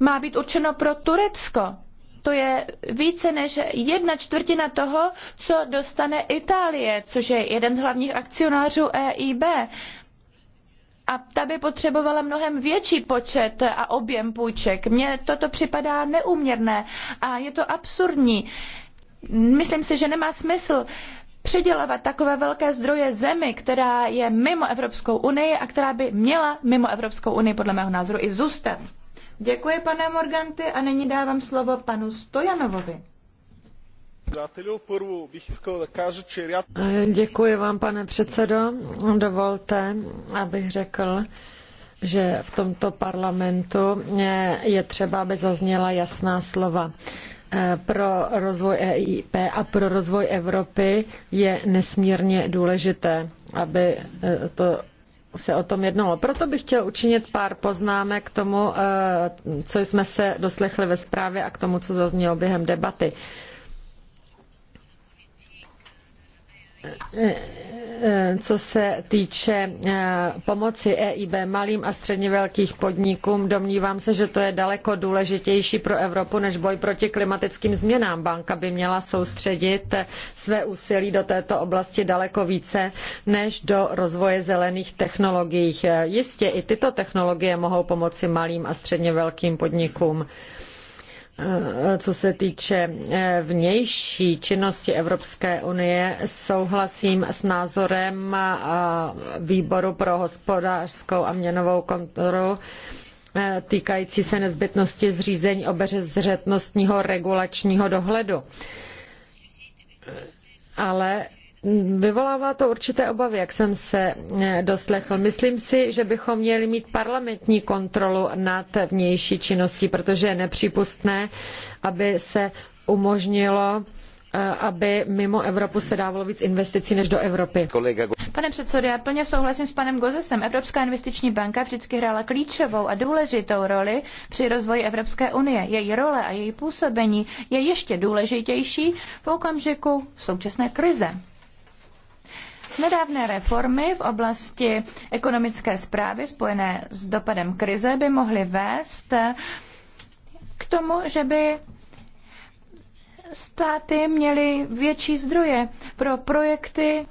má být určeno pro Turecko. To je více než jedna čtvrtina toho, co dostane Itálie, což je jeden z hlavních akcionářů EIB a ta by potřebovala mnohem větší počet a objem půjček. Mně toto připadá neuměrné a je to absurdní. Myslím si, že nemá smysl předělávat takové velké zdroje zemi, která je mimo Evropskou unii a která by měla mimo Evropskou unii podle mého názoru i zůstat. Děkuji, pane Morganty, a nyní dávám slovo panu Stojanovovi. Děkuji vám, pane předsedo. Dovolte, abych řekl, že v tomto parlamentu je třeba, aby zazněla jasná slova. Eh, pro rozvoj EIP a pro rozvoj Evropy je nesmírně důležité, aby eh, to se o tom jednalo. Proto bych chtěl učinit pár poznámek k tomu, eh, co jsme se doslechli ve zprávě a k tomu, co zaznělo během debaty. co se týče eh, pomoci EIB malým a středně velkým podnikům, domnívám se, že to je daleko důležitější pro Evropu než boj proti klimatickým změnám. Banka by měla soustředit eh, své úsilí do této oblasti daleko více než do rozvoje zelených technologií. Eh, jistě i tyto technologie mohou pomoci malým a středně velkým podnikům. Eh, co se týče eh, vnější činnosti Evropské unie, souhlasím s názorem eh, výboru pro hospodářskou a měnovou kontrolu týkající se nezbytnosti zřízení obezřetnostního regulačního dohledu. Ale Vyvolává to určité obavy, jak jsem se eh, doslechl. Myslím si, že bychom měli mít parlamentní kontrolu nad vnější činností, protože je nepřípustné, aby se umožnilo eh, aby mimo Evropu se dávalo víc investicí než do Evropy. Pane předsedo, já plně souhlasím s panem Gozesem. Evropská investiční banka vždycky hrála klíčovou a důležitou roli při rozvoji Evropské unie. Její role a její působení je ještě důležitější v okamžiku současné krize. Nedávné reformy v oblasti ekonomické zprávy spojené s dopadem krize by mohly vést k tomu, že by státy měly větší zdroje pro projekty,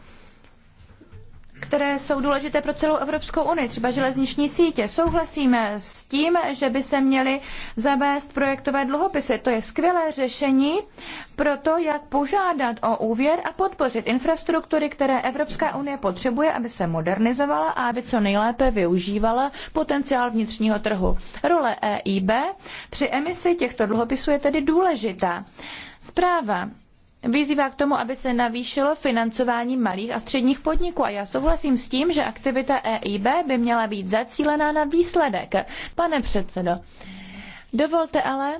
které jsou důležité pro celou Evropskou unii, třeba železniční sítě. Souhlasíme s tím, že by se měly zavést projektové dluhopisy. To je skvělé řešení pro to, jak požádat o úvěr a podpořit infrastruktury, které Evropská unie potřebuje, aby se modernizovala a aby co nejlépe využívala potenciál vnitřního trhu. Role EIB při emisi těchto dluhopisů je tedy důležitá. Zpráva vyzývá k tomu, aby se navýšilo financování malých a středních podniků. A já souhlasím s tím, že aktivita EIB by měla být zacílená na výsledek. Pane předsedo, dovolte ale,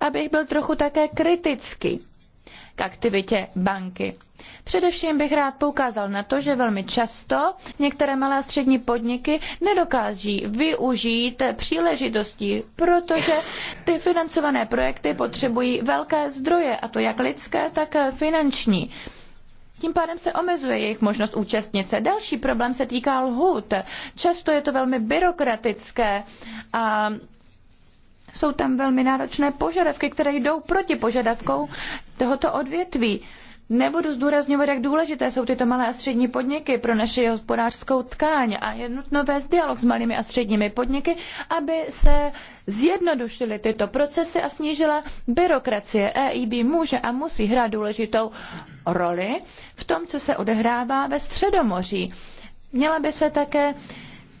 abych byl trochu také kritický k aktivitě banky. Především bych rád poukázal na to, že velmi často některé malé a střední podniky nedokáží využít příležitostí, protože ty financované projekty potřebují velké zdroje, a to jak lidské, tak finanční. Tím pádem se omezuje jejich možnost účastnit se. Další problém se týká lhůt. Často je to velmi byrokratické a jsou tam velmi náročné požadavky, které jdou proti požadavkům tohoto odvětví. Nebudu zdůrazňovat, jak důležité jsou tyto malé a střední podniky pro naši hospodářskou tkáň a je nutno vést dialog s malými a středními podniky, aby se zjednodušily tyto procesy a snížila byrokracie. EIB může a musí hrát důležitou roli v tom, co se odehrává ve Středomoří. Měla by se také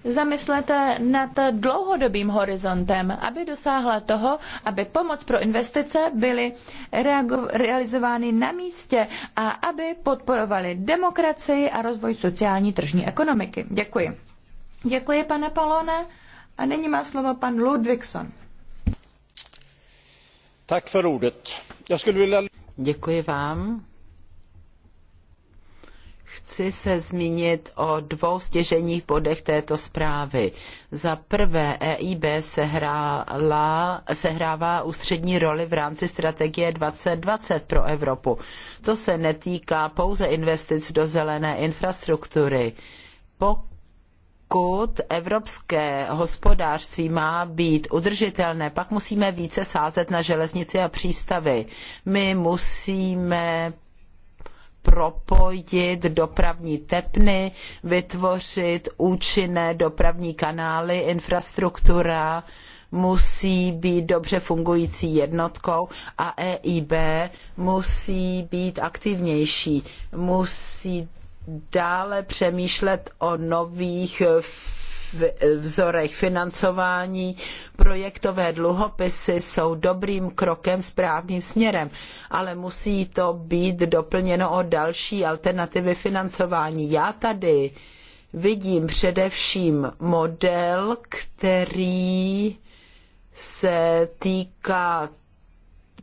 Zamyslete nad dlouhodobým horizontem, aby dosáhla toho, aby pomoc pro investice byly realizovány na místě a aby podporovaly demokracii a rozvoj sociální tržní ekonomiky. Děkuji. Děkuji, pane Palone. A nyní má slovo pan Ludvíkson. Tak Děkuji vám chci se zmínit o dvou stěženích bodech této zprávy. Za prvé, EIB sehrála, sehrává ústřední roli v rámci strategie 2020 pro Evropu. To se netýká pouze investic do zelené infrastruktury. Pokud pokud evropské hospodářství má být udržitelné, pak musíme více sázet na železnici a přístavy. My musíme propojit dopravní tepny, vytvořit účinné dopravní kanály, infrastruktura musí být dobře fungující jednotkou a EIB musí být aktivnější, musí dále přemýšlet o nových vzorech financování. Projektové dluhopisy jsou dobrým krokem správným směrem, ale musí to být doplněno o další alternativy financování. Já tady vidím především model, který se týká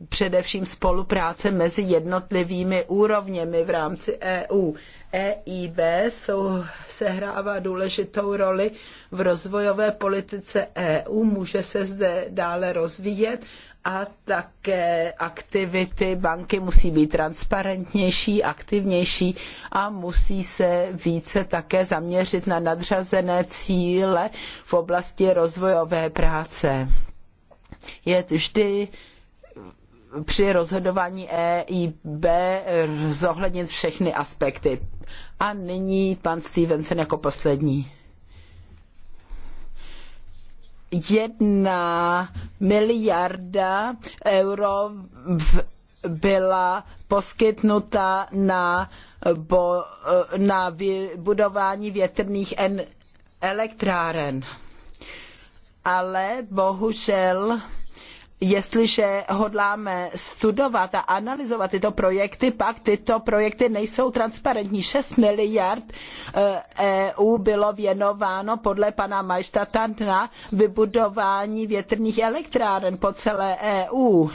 především spolupráce mezi jednotlivými úrovněmi v rámci EU. EIB jsou, sehrává důležitou roli v rozvojové politice EU, může se zde dále rozvíjet a také aktivity banky musí být transparentnější, aktivnější a musí se více také zaměřit na nadřazené cíle v oblasti rozvojové práce. Je vždy při rozhodování EIB eh, zohlednit všechny aspekty. A nyní pan Stevenson jako poslední. Jedna miliarda euro v byla poskytnuta na, bo, eh, na vybudování větrných elektráren. Ale bohužel jestliže hodláme studovat a analyzovat tyto projekty, pak tyto projekty nejsou transparentní. 6 miliard EU eh, e bylo věnováno podle pana Majštata na vybudování větrných elektráren po celé EU.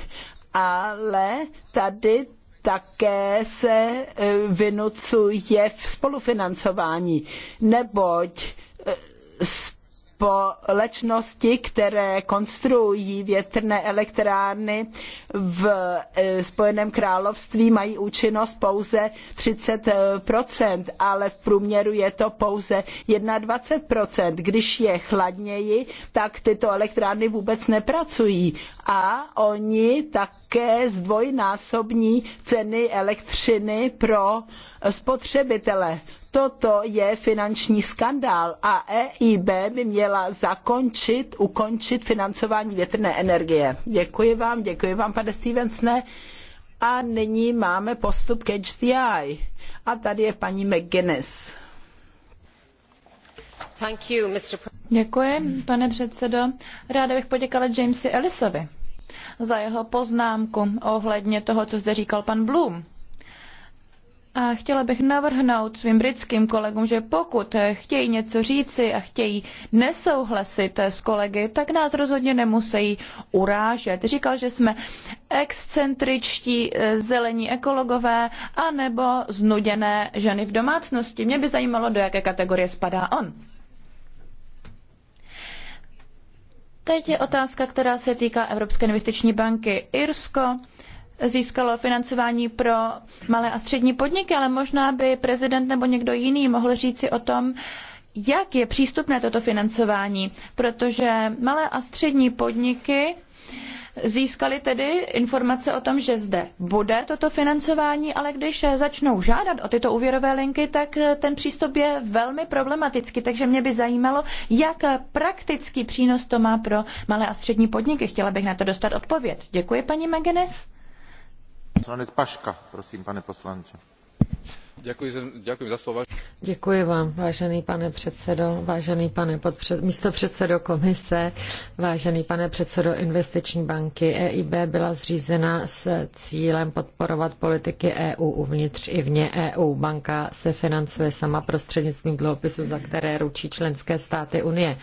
Ale tady také se eh, vynucuje v spolufinancování, neboť eh, společnosti, které konstruují větrné elektrárny v e, Spojeném království, mají účinnost pouze 30%, ale v průměru je to pouze 21%. Když je chladněji, tak tyto elektrárny vůbec nepracují a oni také zdvojnásobní ceny elektřiny pro spotřebitele. Toto je finanční skandál a EIB by měla zakončit, ukončit financování větrné energie. Děkuji vám, děkuji vám, pane Stevensne. A nyní máme postup k HDI. A tady je paní McGuinness. You, Děkuji, pane předsedo. Ráda bych poděkala Jamesi Ellisovi za jeho poznámku ohledně toho, co zde říkal pan Bloom. A chtěla bych navrhnout svým britským kolegům, že pokud chtějí něco říci a chtějí nesouhlasit s kolegy, tak nás rozhodně nemusí urážet. Říkal, že jsme excentričtí eh, zelení ekologové anebo znuděné ženy v domácnosti. Mě by zajímalo, do jaké kategorie spadá on. Teď je otázka, která se týká Evropské investiční banky Irsko získalo financování pro malé a střední podniky, ale možná by prezident nebo někdo jiný mohl říci o tom, jak je přístupné toto financování, protože malé a střední podniky získali tedy informace o tom, že zde bude toto financování, ale když začnou žádat o tyto úvěrové linky, tak ten přístup je velmi problematický. Takže mě by zajímalo, jak praktický přínos to má pro malé a střední podniky. Chtěla bych na to dostat odpověď. Děkuji, paní Magenes. Pane Poslanec Paška, prosím, pane poslanče. Děkuji, vám, vážený pane předsedo, vážený pane podpřed, místo komise, vážený pane předsedo investiční banky. EIB byla zřízena s cílem podporovat politiky EU uvnitř i vně EU. Banka se financuje sama prostřednictvím dluhopisů, za které ručí členské státy Unie.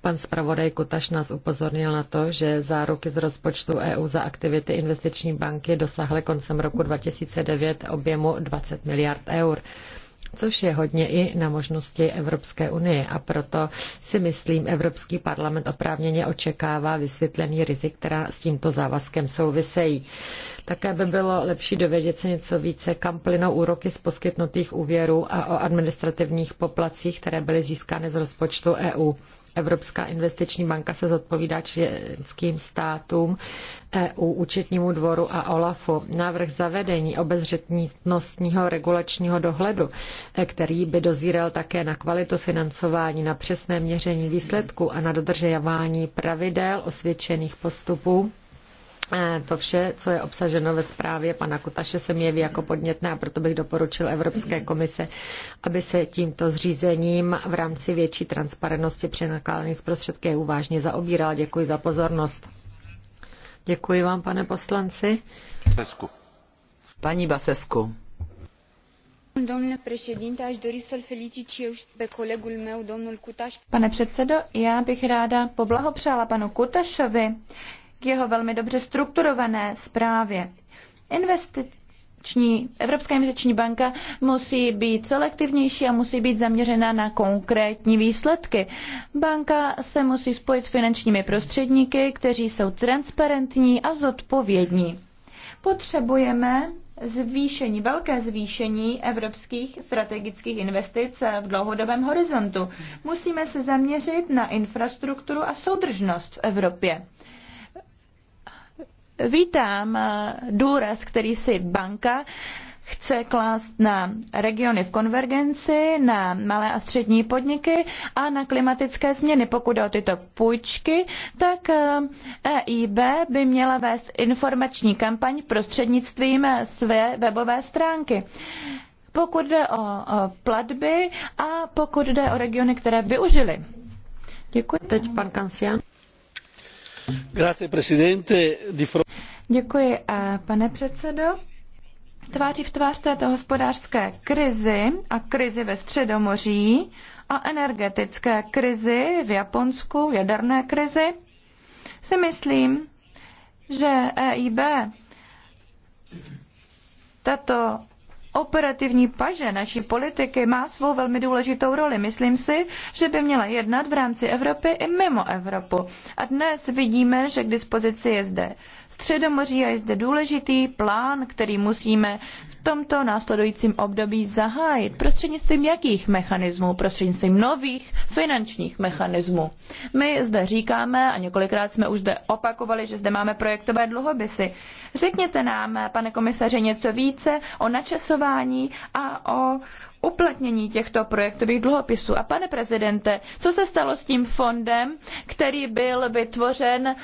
Pan zpravodaj Kutaš nás upozornil na to, že záruky z rozpočtu EU za aktivity investiční banky dosáhly koncem roku 2009 objemu 20 miliard eur eur což je hodně i na možnosti Evropské unie. A proto si myslím, Evropský parlament oprávněně očekává vysvětlený rizik, která s tímto závazkem souvisejí. Také by bylo lepší dovědět se něco více, kam plynou úroky z poskytnutých úvěrů a o administrativních poplacích, které byly získány z rozpočtu EU. Evropská investiční banka se zodpovídá členským státům, EU, účetnímu dvoru a OLAFu. Návrh zavedení obezřetnostního regulačního dohledu, e, který by dozíral také na kvalitu financování, na přesné měření výsledků a na dodržování pravidel osvědčených postupů, Eh, to vše, co je obsaženo ve zprávě pana Kutaše, se mi jeví jako podnětné a proto bych doporučil Evropské komise, aby se tímto zřízením v rámci větší transparentnosti při nakládání zprostředky uvážně zaobírala. Děkuji za pozornost. Děkuji vám, pane poslanci. Basescu. Paní Basescu. Pane předsedo, já bych ráda poblahopřála panu Kutašovi k jeho velmi dobře strukturované zprávě. Investiční, Evropská investiční banka musí být selektivnější a musí být zaměřena na konkrétní výsledky. Banka se musí spojit s finančními prostředníky, kteří jsou transparentní a zodpovědní. Potřebujeme zvýšení, velké zvýšení evropských strategických investic v dlouhodobém horizontu. Musíme se zaměřit na infrastrukturu a soudržnost v Evropě. Vítám eh, důraz, který si banka chce klást na regiony v konvergenci, na malé a střední podniky a na klimatické změny. Pokud jde o tyto půjčky, tak EIB eh, e by měla vést informační kampaň prostřednictvím eh, své webové stránky. Pokud jde o platby a pokud jde o regiony, které využily. Děkuji. Teď pan Kancian. Děkuji, eh, pane předsedo. Tváří v tvář této hospodářské krizi a krizi ve Středomoří a energetické krizi v Japonsku, jaderné krizi, si myslím, že EIB tato operativní paže naší politiky má svou velmi důležitou roli. Myslím si, že by měla jednat v rámci Evropy i mimo Evropu. A dnes vidíme, že k dispozici je zde Středomoří a je zde důležitý plán, který musíme v tomto následujícím období zahájit. Prostřednictvím jakých mechanismů? Prostřednictvím nových finančních mechanismů. My zde říkáme, a několikrát jsme už zde opakovali, že zde máme projektové dluhopisy. Řekněte nám, pane komisaře, něco více o načasování a o uplatnění těchto projektových dluhopisů. A pane prezidente, co se stalo s tím fondem, který byl vytvořen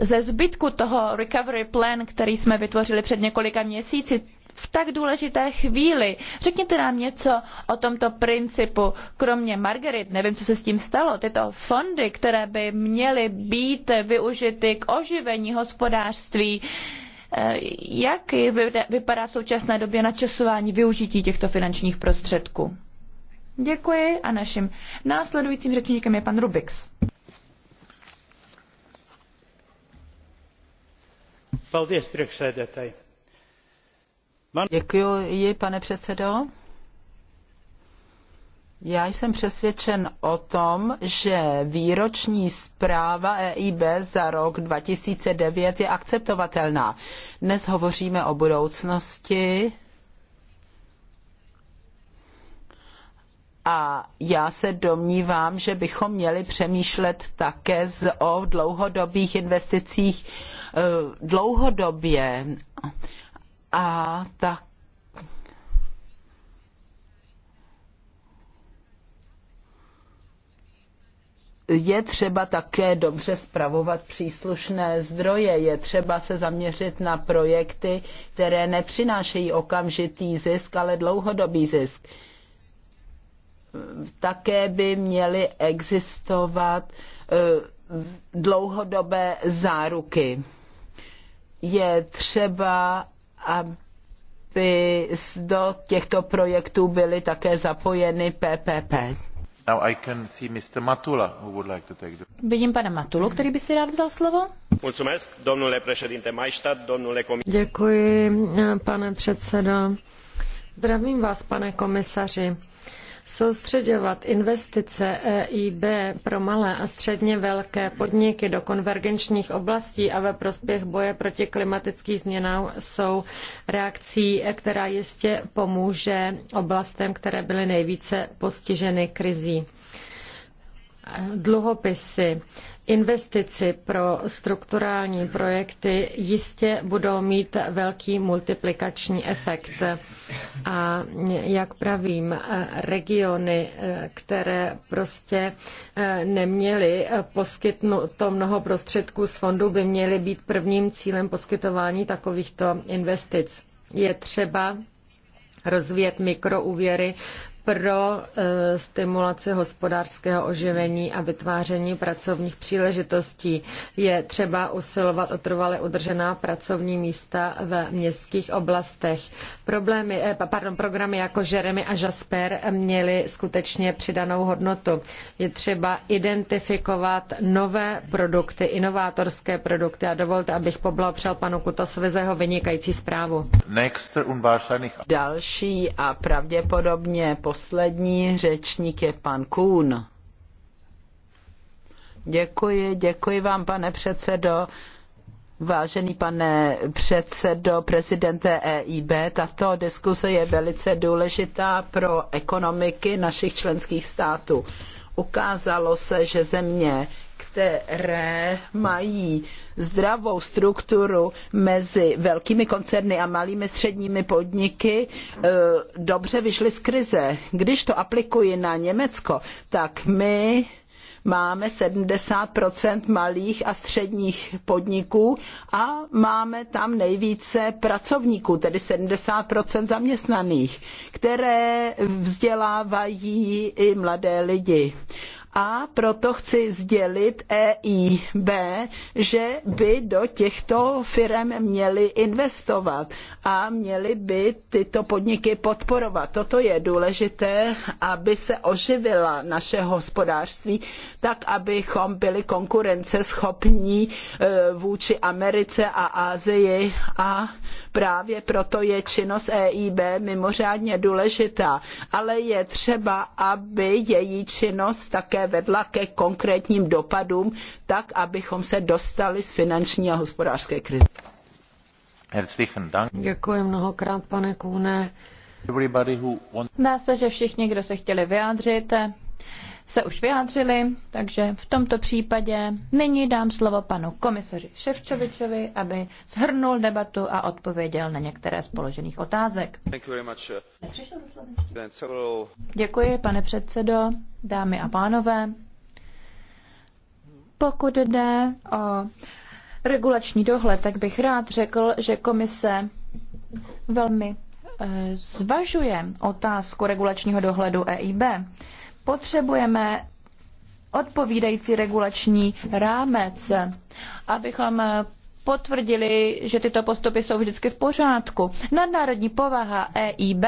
ze zbytku toho recovery plan, který jsme vytvořili před několika měsíci, v tak důležité chvíli. Řekněte nám něco o tomto principu. Kromě Margaret, nevím, co se s tím stalo, tyto fondy, které by měly být využity k oživení hospodářství, eh, jak vypadá v současné době načasování využití těchto finančních prostředků? Děkuji a naším následujícím řečníkem je pan Rubiks. pane předsedo. Já jsem přesvědčen o tom, že výroční zpráva EIB za rok 2009 je akceptovatelná. Dnes hovoříme o budoucnosti A já se domnívám, že bychom měli přemýšlet také o dlouhodobých investicích eh, dlouhodobě. A tak je třeba také dobře spravovat příslušné zdroje, je třeba se zaměřit na projekty, které nepřinášejí okamžitý zisk, ale dlouhodobý zisk také by měly existovat eh, dlouhodobé záruky. Je třeba, aby do těchto projektů byly také zapojeny PPP. Now I can see Mr. Matula, who would like to take the... Vidím pana Matulu, který by si rád vzal slovo. Mulțumesc, domnule președinte Majštad, domnule comisar. Děkuji, pane předsedo. Zdravím vás, pane komisaři. Soustředovat investice EIB pro malé a středně velké podniky do konvergenčních oblastí a ve prospěch boje proti klimatickým změnám jsou reakcí, která jistě pomůže oblastem, které byly nejvíce postiženy krizí dluhopisy, investici pro strukturální projekty jistě budou mít velký multiplikační efekt. A jak pravím, regiony, které prostě eh, neměly poskytnuto mnoho prostředků z fondu, by měly být prvním cílem poskytování takovýchto investic. Je třeba rozvíjet mikroúvěry pro eh, stimulaci hospodářského oživení a vytváření pracovních příležitostí. Je třeba usilovat o trvale udržená pracovní místa v městských oblastech. Problémy, eh, pardon, programy jako Jeremy a Jasper měly skutečně přidanou hodnotu. Je třeba identifikovat nové produkty, inovátorské produkty a dovolte, abych poblahopřál panu Kutasovi za jeho vynikající zprávu. Další a pravděpodobně poslední poslední řečník je pan Kuhn. Děkuji, děkuji vám, pane předsedo. Vážený pane předsedo, prezidente EIB, tato diskuse je velice důležitá pro ekonomiky našich členských států. Ukázalo se, že země, které mají zdravou strukturu mezi velkými koncerny a malými středními podniky, eh, dobře vyšly z krize. Když to aplikuji na Německo, tak my máme 70 malých a středních podniků a máme tam nejvíce pracovníků, tedy 70 zaměstnaných, které vzdělávají i mladé lidi a proto chci sdělit EIB, že by do těchto firm měli investovat a měli by tyto podniky podporovat. Toto je důležité, aby se oživila naše hospodářství, tak abychom byli konkurenceschopní e, vůči Americe a Asii a právě proto je činnost EIB mimořádně důležitá, ale je třeba, aby její činnost také také vedla ke konkrétním dopadům, tak, abychom se dostali z finanční a hospodářské krize. Děkuji mnohokrát, pane Kůne. Dá se, že všichni, kdo se chtěli vyjádřit, se už vyjádřili, takže v tomto případě nyní dám slovo panu komisaři Ševčovičovi, aby shrnul debatu a odpověděl na některé z položených otázek. Uh, Děkuji, pane předsedo, dámy a pánové. Pokud jde o regulační dohled, tak bych rád řekl, že komise velmi eh, zvažuje otázku regulačního dohledu EIB potřebujeme odpovídající regulační rámec, abychom potvrdili, že tyto postupy jsou vždycky v pořádku. Nadnárodní povaha EIB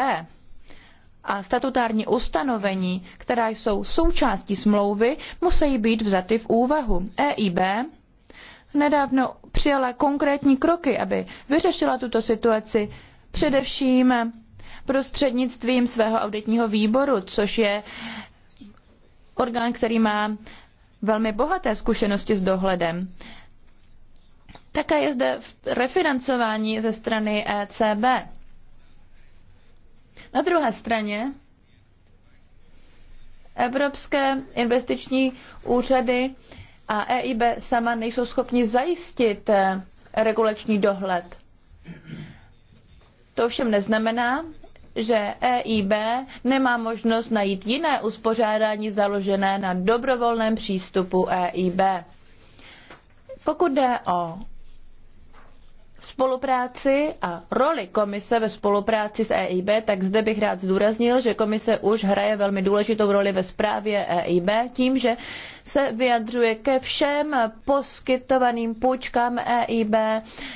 a statutární ustanovení, která jsou součástí smlouvy, musí být vzaty v úvahu. EIB nedávno přijala konkrétní kroky, aby vyřešila tuto situaci především prostřednictvím svého auditního výboru, což je orgán, který má velmi bohaté zkušenosti s dohledem. Také je zde refinancování ze strany ECB. Na druhé straně evropské investiční úřady a EIB sama nejsou schopni zajistit eh, regulační dohled. To ovšem neznamená, že EIB nemá možnost najít jiné uspořádání založené na dobrovolném přístupu EIB. Pokud jde o spolupráci a roli komise ve spolupráci s EIB, tak zde bych rád zdůraznil, že komise už hraje velmi důležitou roli ve správě EIB tím, že se vyjadřuje ke všem poskytovaným půjčkám EIB,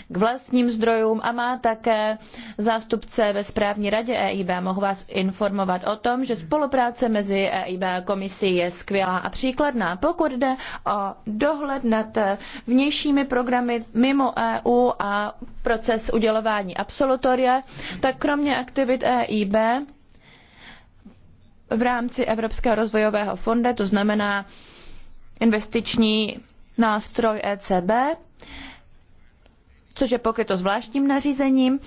k vlastním zdrojům a má také zástupce ve správní radě EIB. Mohu vás informovat o tom, že spolupráce mezi EIB a komisí je skvělá a příkladná. Pokud jde o dohled nad vnějšími programy mimo EU a proces udělování absolutoria, tak kromě aktivit EIB v rámci Evropského rozvojového fondu, to znamená investiční nástroj ECB, což je pokryto zvláštním nařízením,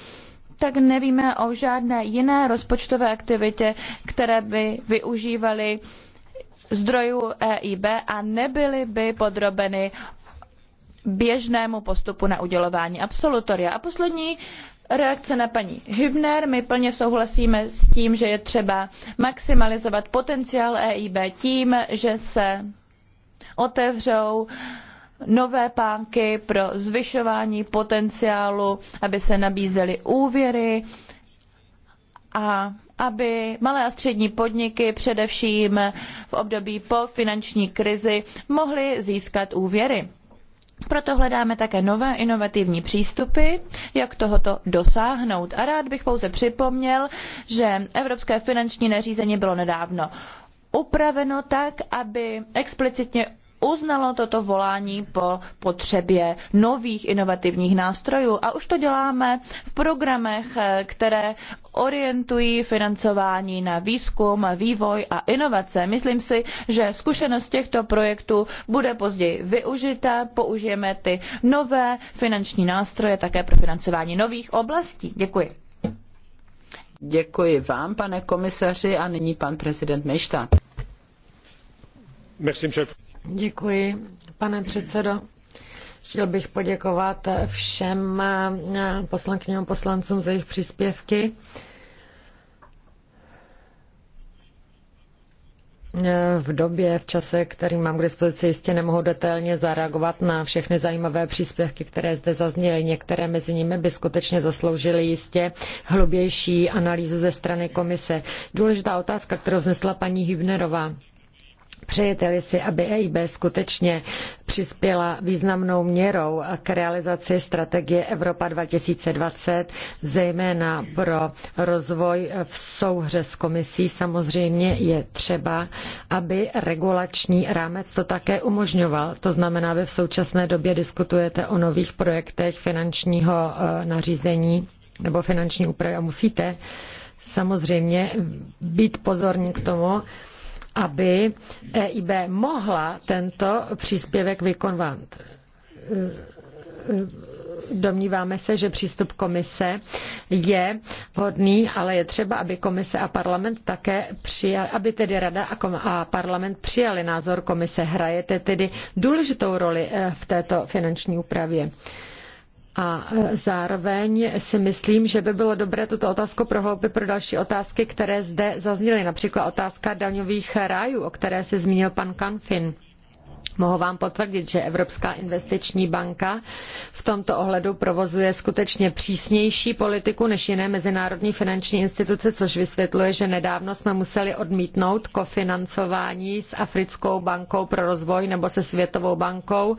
tak nevíme o žádné jiné rozpočtové aktivitě, které by využívaly zdrojů EIB a nebyly by podrobeny běžnému postupu na udělování absolutoria. A poslední reakce na paní Hübner. My plně souhlasíme s tím, že je třeba maximalizovat potenciál EIB tím, že se otevřou nové pánky pro zvyšování potenciálu, aby se nabízely úvěry a aby malé a střední podniky především v období po finanční krizi mohly získat úvěry. Proto hledáme také nové inovativní přístupy, jak tohoto dosáhnout. A rád bych pouze připomněl, že Evropské finanční nařízení bylo nedávno upraveno tak, aby explicitně uznalo toto volání po potřebě nových inovativních nástrojů a už to děláme v programech, eh, které orientují financování na výzkum, vývoj a inovace. Myslím si, že zkušenost těchto projektů bude později využita. Použijeme ty nové finanční nástroje také pro financování nových oblastí. Děkuji. Děkuji vám, pane komisaři, a nyní pan prezident Mejštát. Merci, Děkuji, pane předsedo. Chtěl bych poděkovat všem poslankyním a poslancům za jejich příspěvky. V době, v čase, který mám k dispozici, jistě nemohu detailně zareagovat na všechny zajímavé příspěvky, které zde zazněly. Některé mezi nimi by skutečně zasloužily jistě hloubější analýzu ze strany komise. Důležitá otázka, kterou vznesla paní Hübnerová Přejete-li si, aby EIB skutečně přispěla významnou měrou k realizaci strategie Evropa 2020, zejména pro rozvoj v souhře s komisí, samozřejmě je třeba, aby regulační rámec to také umožňoval. To znamená, vy v současné době diskutujete o nových projektech finančního eh, nařízení nebo finanční úpravy a musíte samozřejmě být pozorní k tomu, aby EIB mohla tento příspěvek vykonvat. Domníváme se, že přístup komise je vhodný, ale je třeba, aby komise a parlament také přijali, aby tedy rada a, kom- a parlament přijali názor komise. Hrajete tedy důležitou roli eh, v této finanční úpravě. Uh, a zároveň si myslím, že by bylo dobré tuto otázku prohloubit pro další otázky, které zde zazněly. Například otázka daňových rájů, o které se zmínil pan Kanfin. Mohu vám potvrdit, že Evropská investiční banka v tomto ohledu provozuje skutečně přísnější politiku než jiné mezinárodní finanční instituce, což vysvětluje, že nedávno jsme museli odmítnout kofinancování s Africkou bankou pro rozvoj nebo se Světovou bankou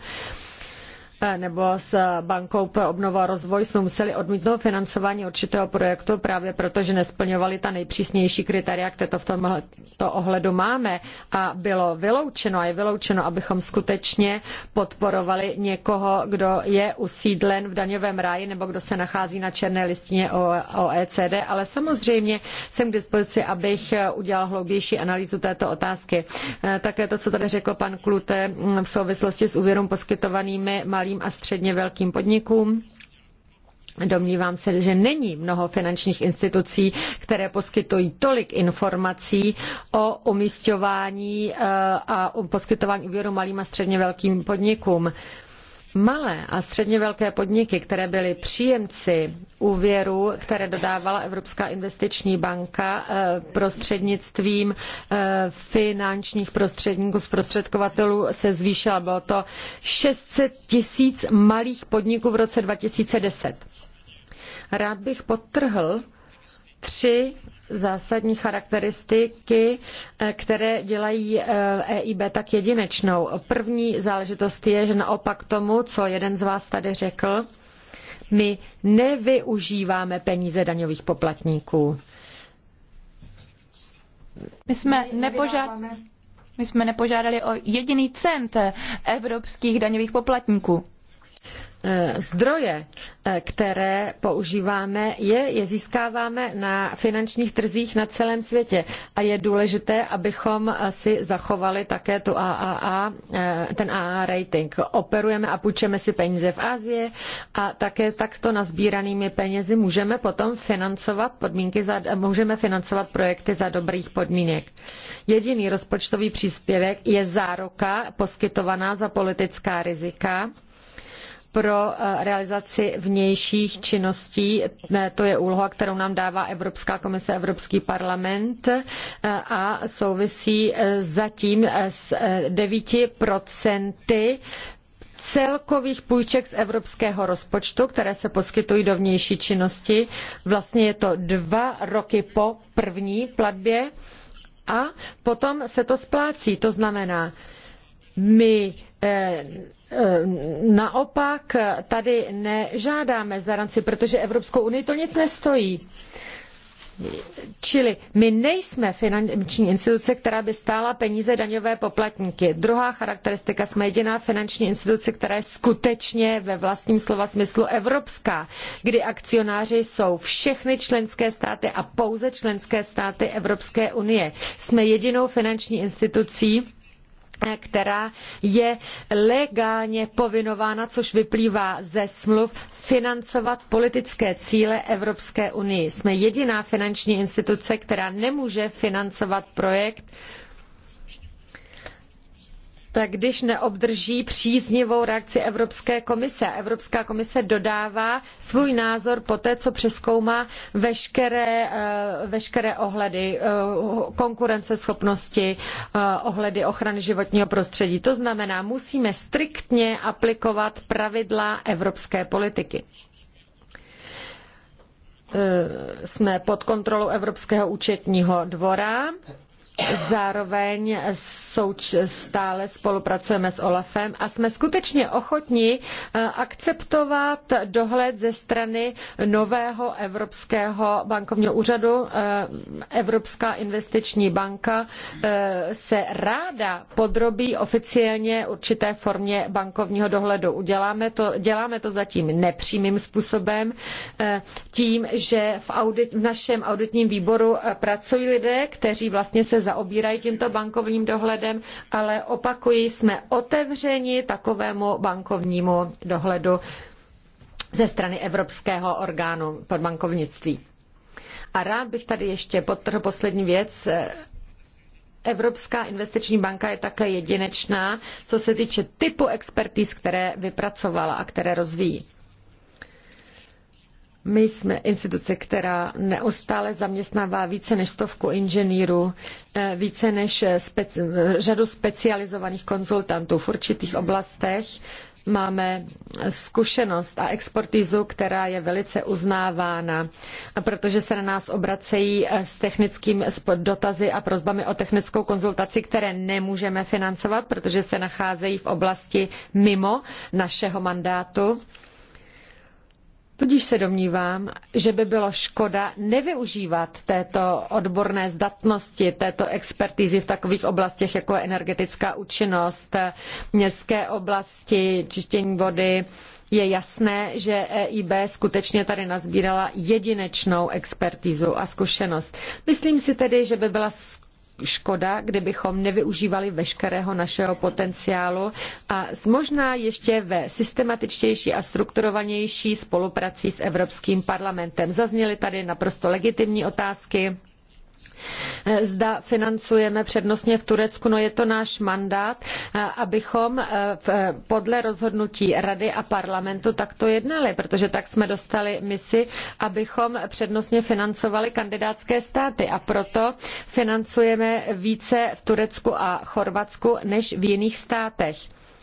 E, nebo s Bankou pro obnovu a rozvoj jsme museli odmítnout financování určitého projektu právě proto, že nesplňovali ta nejpřísnější kritéria, které to v tomto ohledu máme a bylo vyloučeno a je vyloučeno, abychom skutečně podporovali někoho, kdo je usídlen v daňovém ráji nebo kdo se nachází na černé listině OECD, ale samozřejmě jsem k dispozici, abych udělal hloubější analýzu této otázky. E, také to, co tady řekl pan Klute v souvislosti s úvěrům poskytovanými malým malým a středně velkým podnikům. Domnívám se, že není mnoho finančních institucí, které poskytují tolik informací o umístování eh, a poskytování úvěru malým a středně velkým podnikům. Malé a středně velké podniky, které byly příjemci úvěru, které dodávala Evropská investiční banka eh, prostřednictvím eh, finančních prostředníků, zprostředkovatelů se zvýšila. Bylo to 600 tisíc malých podniků v roce 2010. Rád bych podtrhl tři zásadní charakteristiky, eh, které dělají EIB eh, e tak jedinečnou. První záležitost je, že naopak tomu, co jeden z vás tady řekl, my nevyužíváme peníze daňových poplatníků. My jsme nepožádali. My jsme nepožádali o jediný cent evropských daňových poplatníků. Eh, zdroje, eh, které používáme, je, je získáváme na finančních trzích na celém světě. A je důležité, abychom si zachovali také tu AAA, eh, ten AA rating. Operujeme a půjčeme si peníze v Asii a také takto nazbíranými penězi můžeme potom financovat podmínky za, můžeme financovat projekty za dobrých podmínek. Jediný rozpočtový příspěvek je záruka poskytovaná za politická rizika, pro eh, realizaci vnějších činností. Eh, to je úloha, kterou nám dává Evropská komise, Evropský parlament eh, a souvisí zatím s 9% celkových půjček z evropského rozpočtu, které se poskytují do vnější činnosti. Vlastně je to dva roky po první platbě a potom se to splácí. To znamená, my Ehm, naopak tady nežádáme zaranci, protože Evropskou unii to nic nestojí. Čili my nejsme finanční instituce, která by stála peníze daňové poplatníky. Druhá charakteristika, jsme jediná finanční instituce, která je skutečně ve vlastním slova smyslu evropská, kdy akcionáři jsou všechny členské státy a pouze členské státy Evropské unie. Jsme jedinou finanční institucí, která je legálně povinována, což vyplývá ze smluv, financovat politické cíle Evropské unie. Jsme jediná finanční instituce, která nemůže financovat projekt, tak když neobdrží příznivou reakci Evropské komise. Evropská komise dodává svůj názor poté, co přeskoumá veškeré, eh, veškeré ohledy eh, konkurenceschopnosti, eh, ohledy ochrany životního prostředí. To znamená, musíme striktně aplikovat pravidla evropské politiky jsme pod kontrolou Evropského účetního dvora Zároveň souč stále spolupracujeme s OLAFem a jsme skutečně ochotní eh, akceptovat dohled ze strany nového Evropského bankovního úřadu. Eh, Evropská investiční banka eh, se ráda podrobí oficiálně určité formě bankovního dohledu. Uděláme to, děláme to zatím nepřímým způsobem, tím, že v, audit, v našem auditním výboru pracují lidé, kteří vlastně se zaobírají tímto bankovním dohledem, ale opakují, jsme otevřeni takovému bankovnímu dohledu ze strany Evropského orgánu pod bankovnictví. A rád bych tady ještě podtrhl poslední věc. Evropská investiční banka je také jedinečná, co se týče typu expertíz, které vypracovala a které rozvíjí. My jsme instituce, která neustále zaměstnává více než stovku inženýrů, eh, více než eh, speci eh, řadu specializovaných konzultantů v určitých oblastech. Máme zkušenost a expertizu, která je velice uznávána, protože se na nás obracejí s technickými dotazy a prozbami o technickou konzultaci, které nemůžeme financovat, protože se nacházejí v oblasti mimo našeho mandátu Tudíž se domnívám, že by bylo škoda nevyužívat této odborné zdatnosti, této expertizy v takových oblastech, jako je energetická účinnost, městské oblasti, čištění vody. Je jasné, že EIB skutečně tady nazbírala jedinečnou expertizu a zkušenost. Myslím si tedy, že by byla škoda, kdybychom nevyužívali veškerého našeho potenciálu a možná ještě ve systematičtější a strukturovanější spoluprací s Evropským parlamentem. Zazněly tady naprosto legitimní otázky Eh, zda financujeme přednostně v Turecku. No je to náš mandát, eh, abychom eh, podle rozhodnutí Rady a parlamentu takto jednali, protože tak jsme dostali misi, abychom přednostně financovali kandidátské státy a proto financujeme více v Turecku a Chorvatsku než v jiných státech.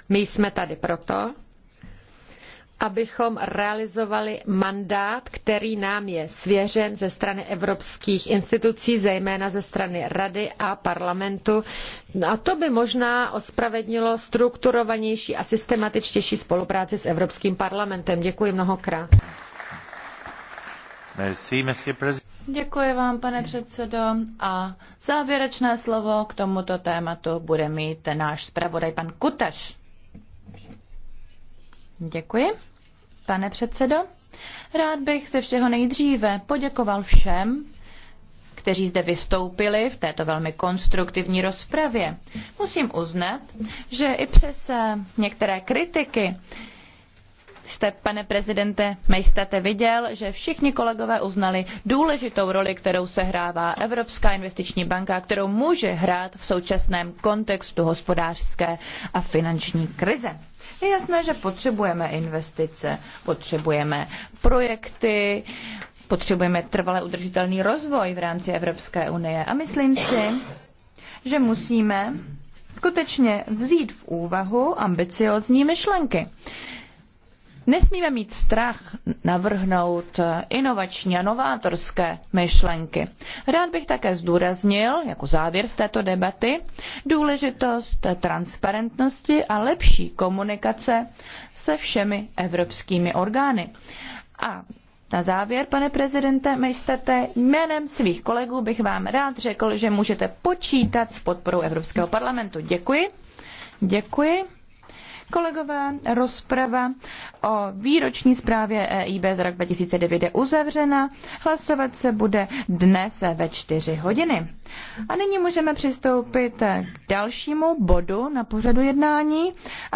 My jsme tady proto, abychom realizovali mandát, který nám je svěřen ze strany evropských institucí, zejména ze strany Rady a parlamentu. A to by možná ospravedlnilo strukturovanější a systematičtější spolupráci s Evropským parlamentem. Děkuji mnohokrát. Děkuji vám, pane předsedo. A závěrečné slovo k tomuto tématu bude mít náš zpravodaj pan Kutaš. Děkuji, pane předsedo. Rád bych ze všeho nejdříve poděkoval všem, kteří zde vystoupili v této velmi konstruktivní rozpravě. Musím uznat, že i přes eh, některé kritiky jste, pane prezidente Mejstate, viděl, že všichni kolegové uznali důležitou roli, kterou sehrává Evropská investiční banka, kterou může hrát v současném kontextu hospodářské a finanční krize. Je jasné, že potřebujeme investice, potřebujeme projekty, potřebujeme trvale udržitelný rozvoj v rámci Evropské unie. A myslím si, že musíme skutečně vzít v úvahu ambiciozní myšlenky. Nesmíme mít strach navrhnout eh, inovační a novátorské myšlenky. Rád bych také zdůraznil, jako závěr z této debaty, důležitost transparentnosti a lepší komunikace se všemi evropskými orgány. A na závěr, pane prezidente Mejstete, jménem svých kolegů bych vám rád řekl, že můžete počítat s podporou Evropského parlamentu. Děkuji. Děkuji. Kolegové, rozprava o výroční zprávě EIB z rok 2009 je uzavřena. Hlasovat se bude dnes ve 4 hodiny. A nyní můžeme přistoupit k dalšímu bodu na pořadu jednání. A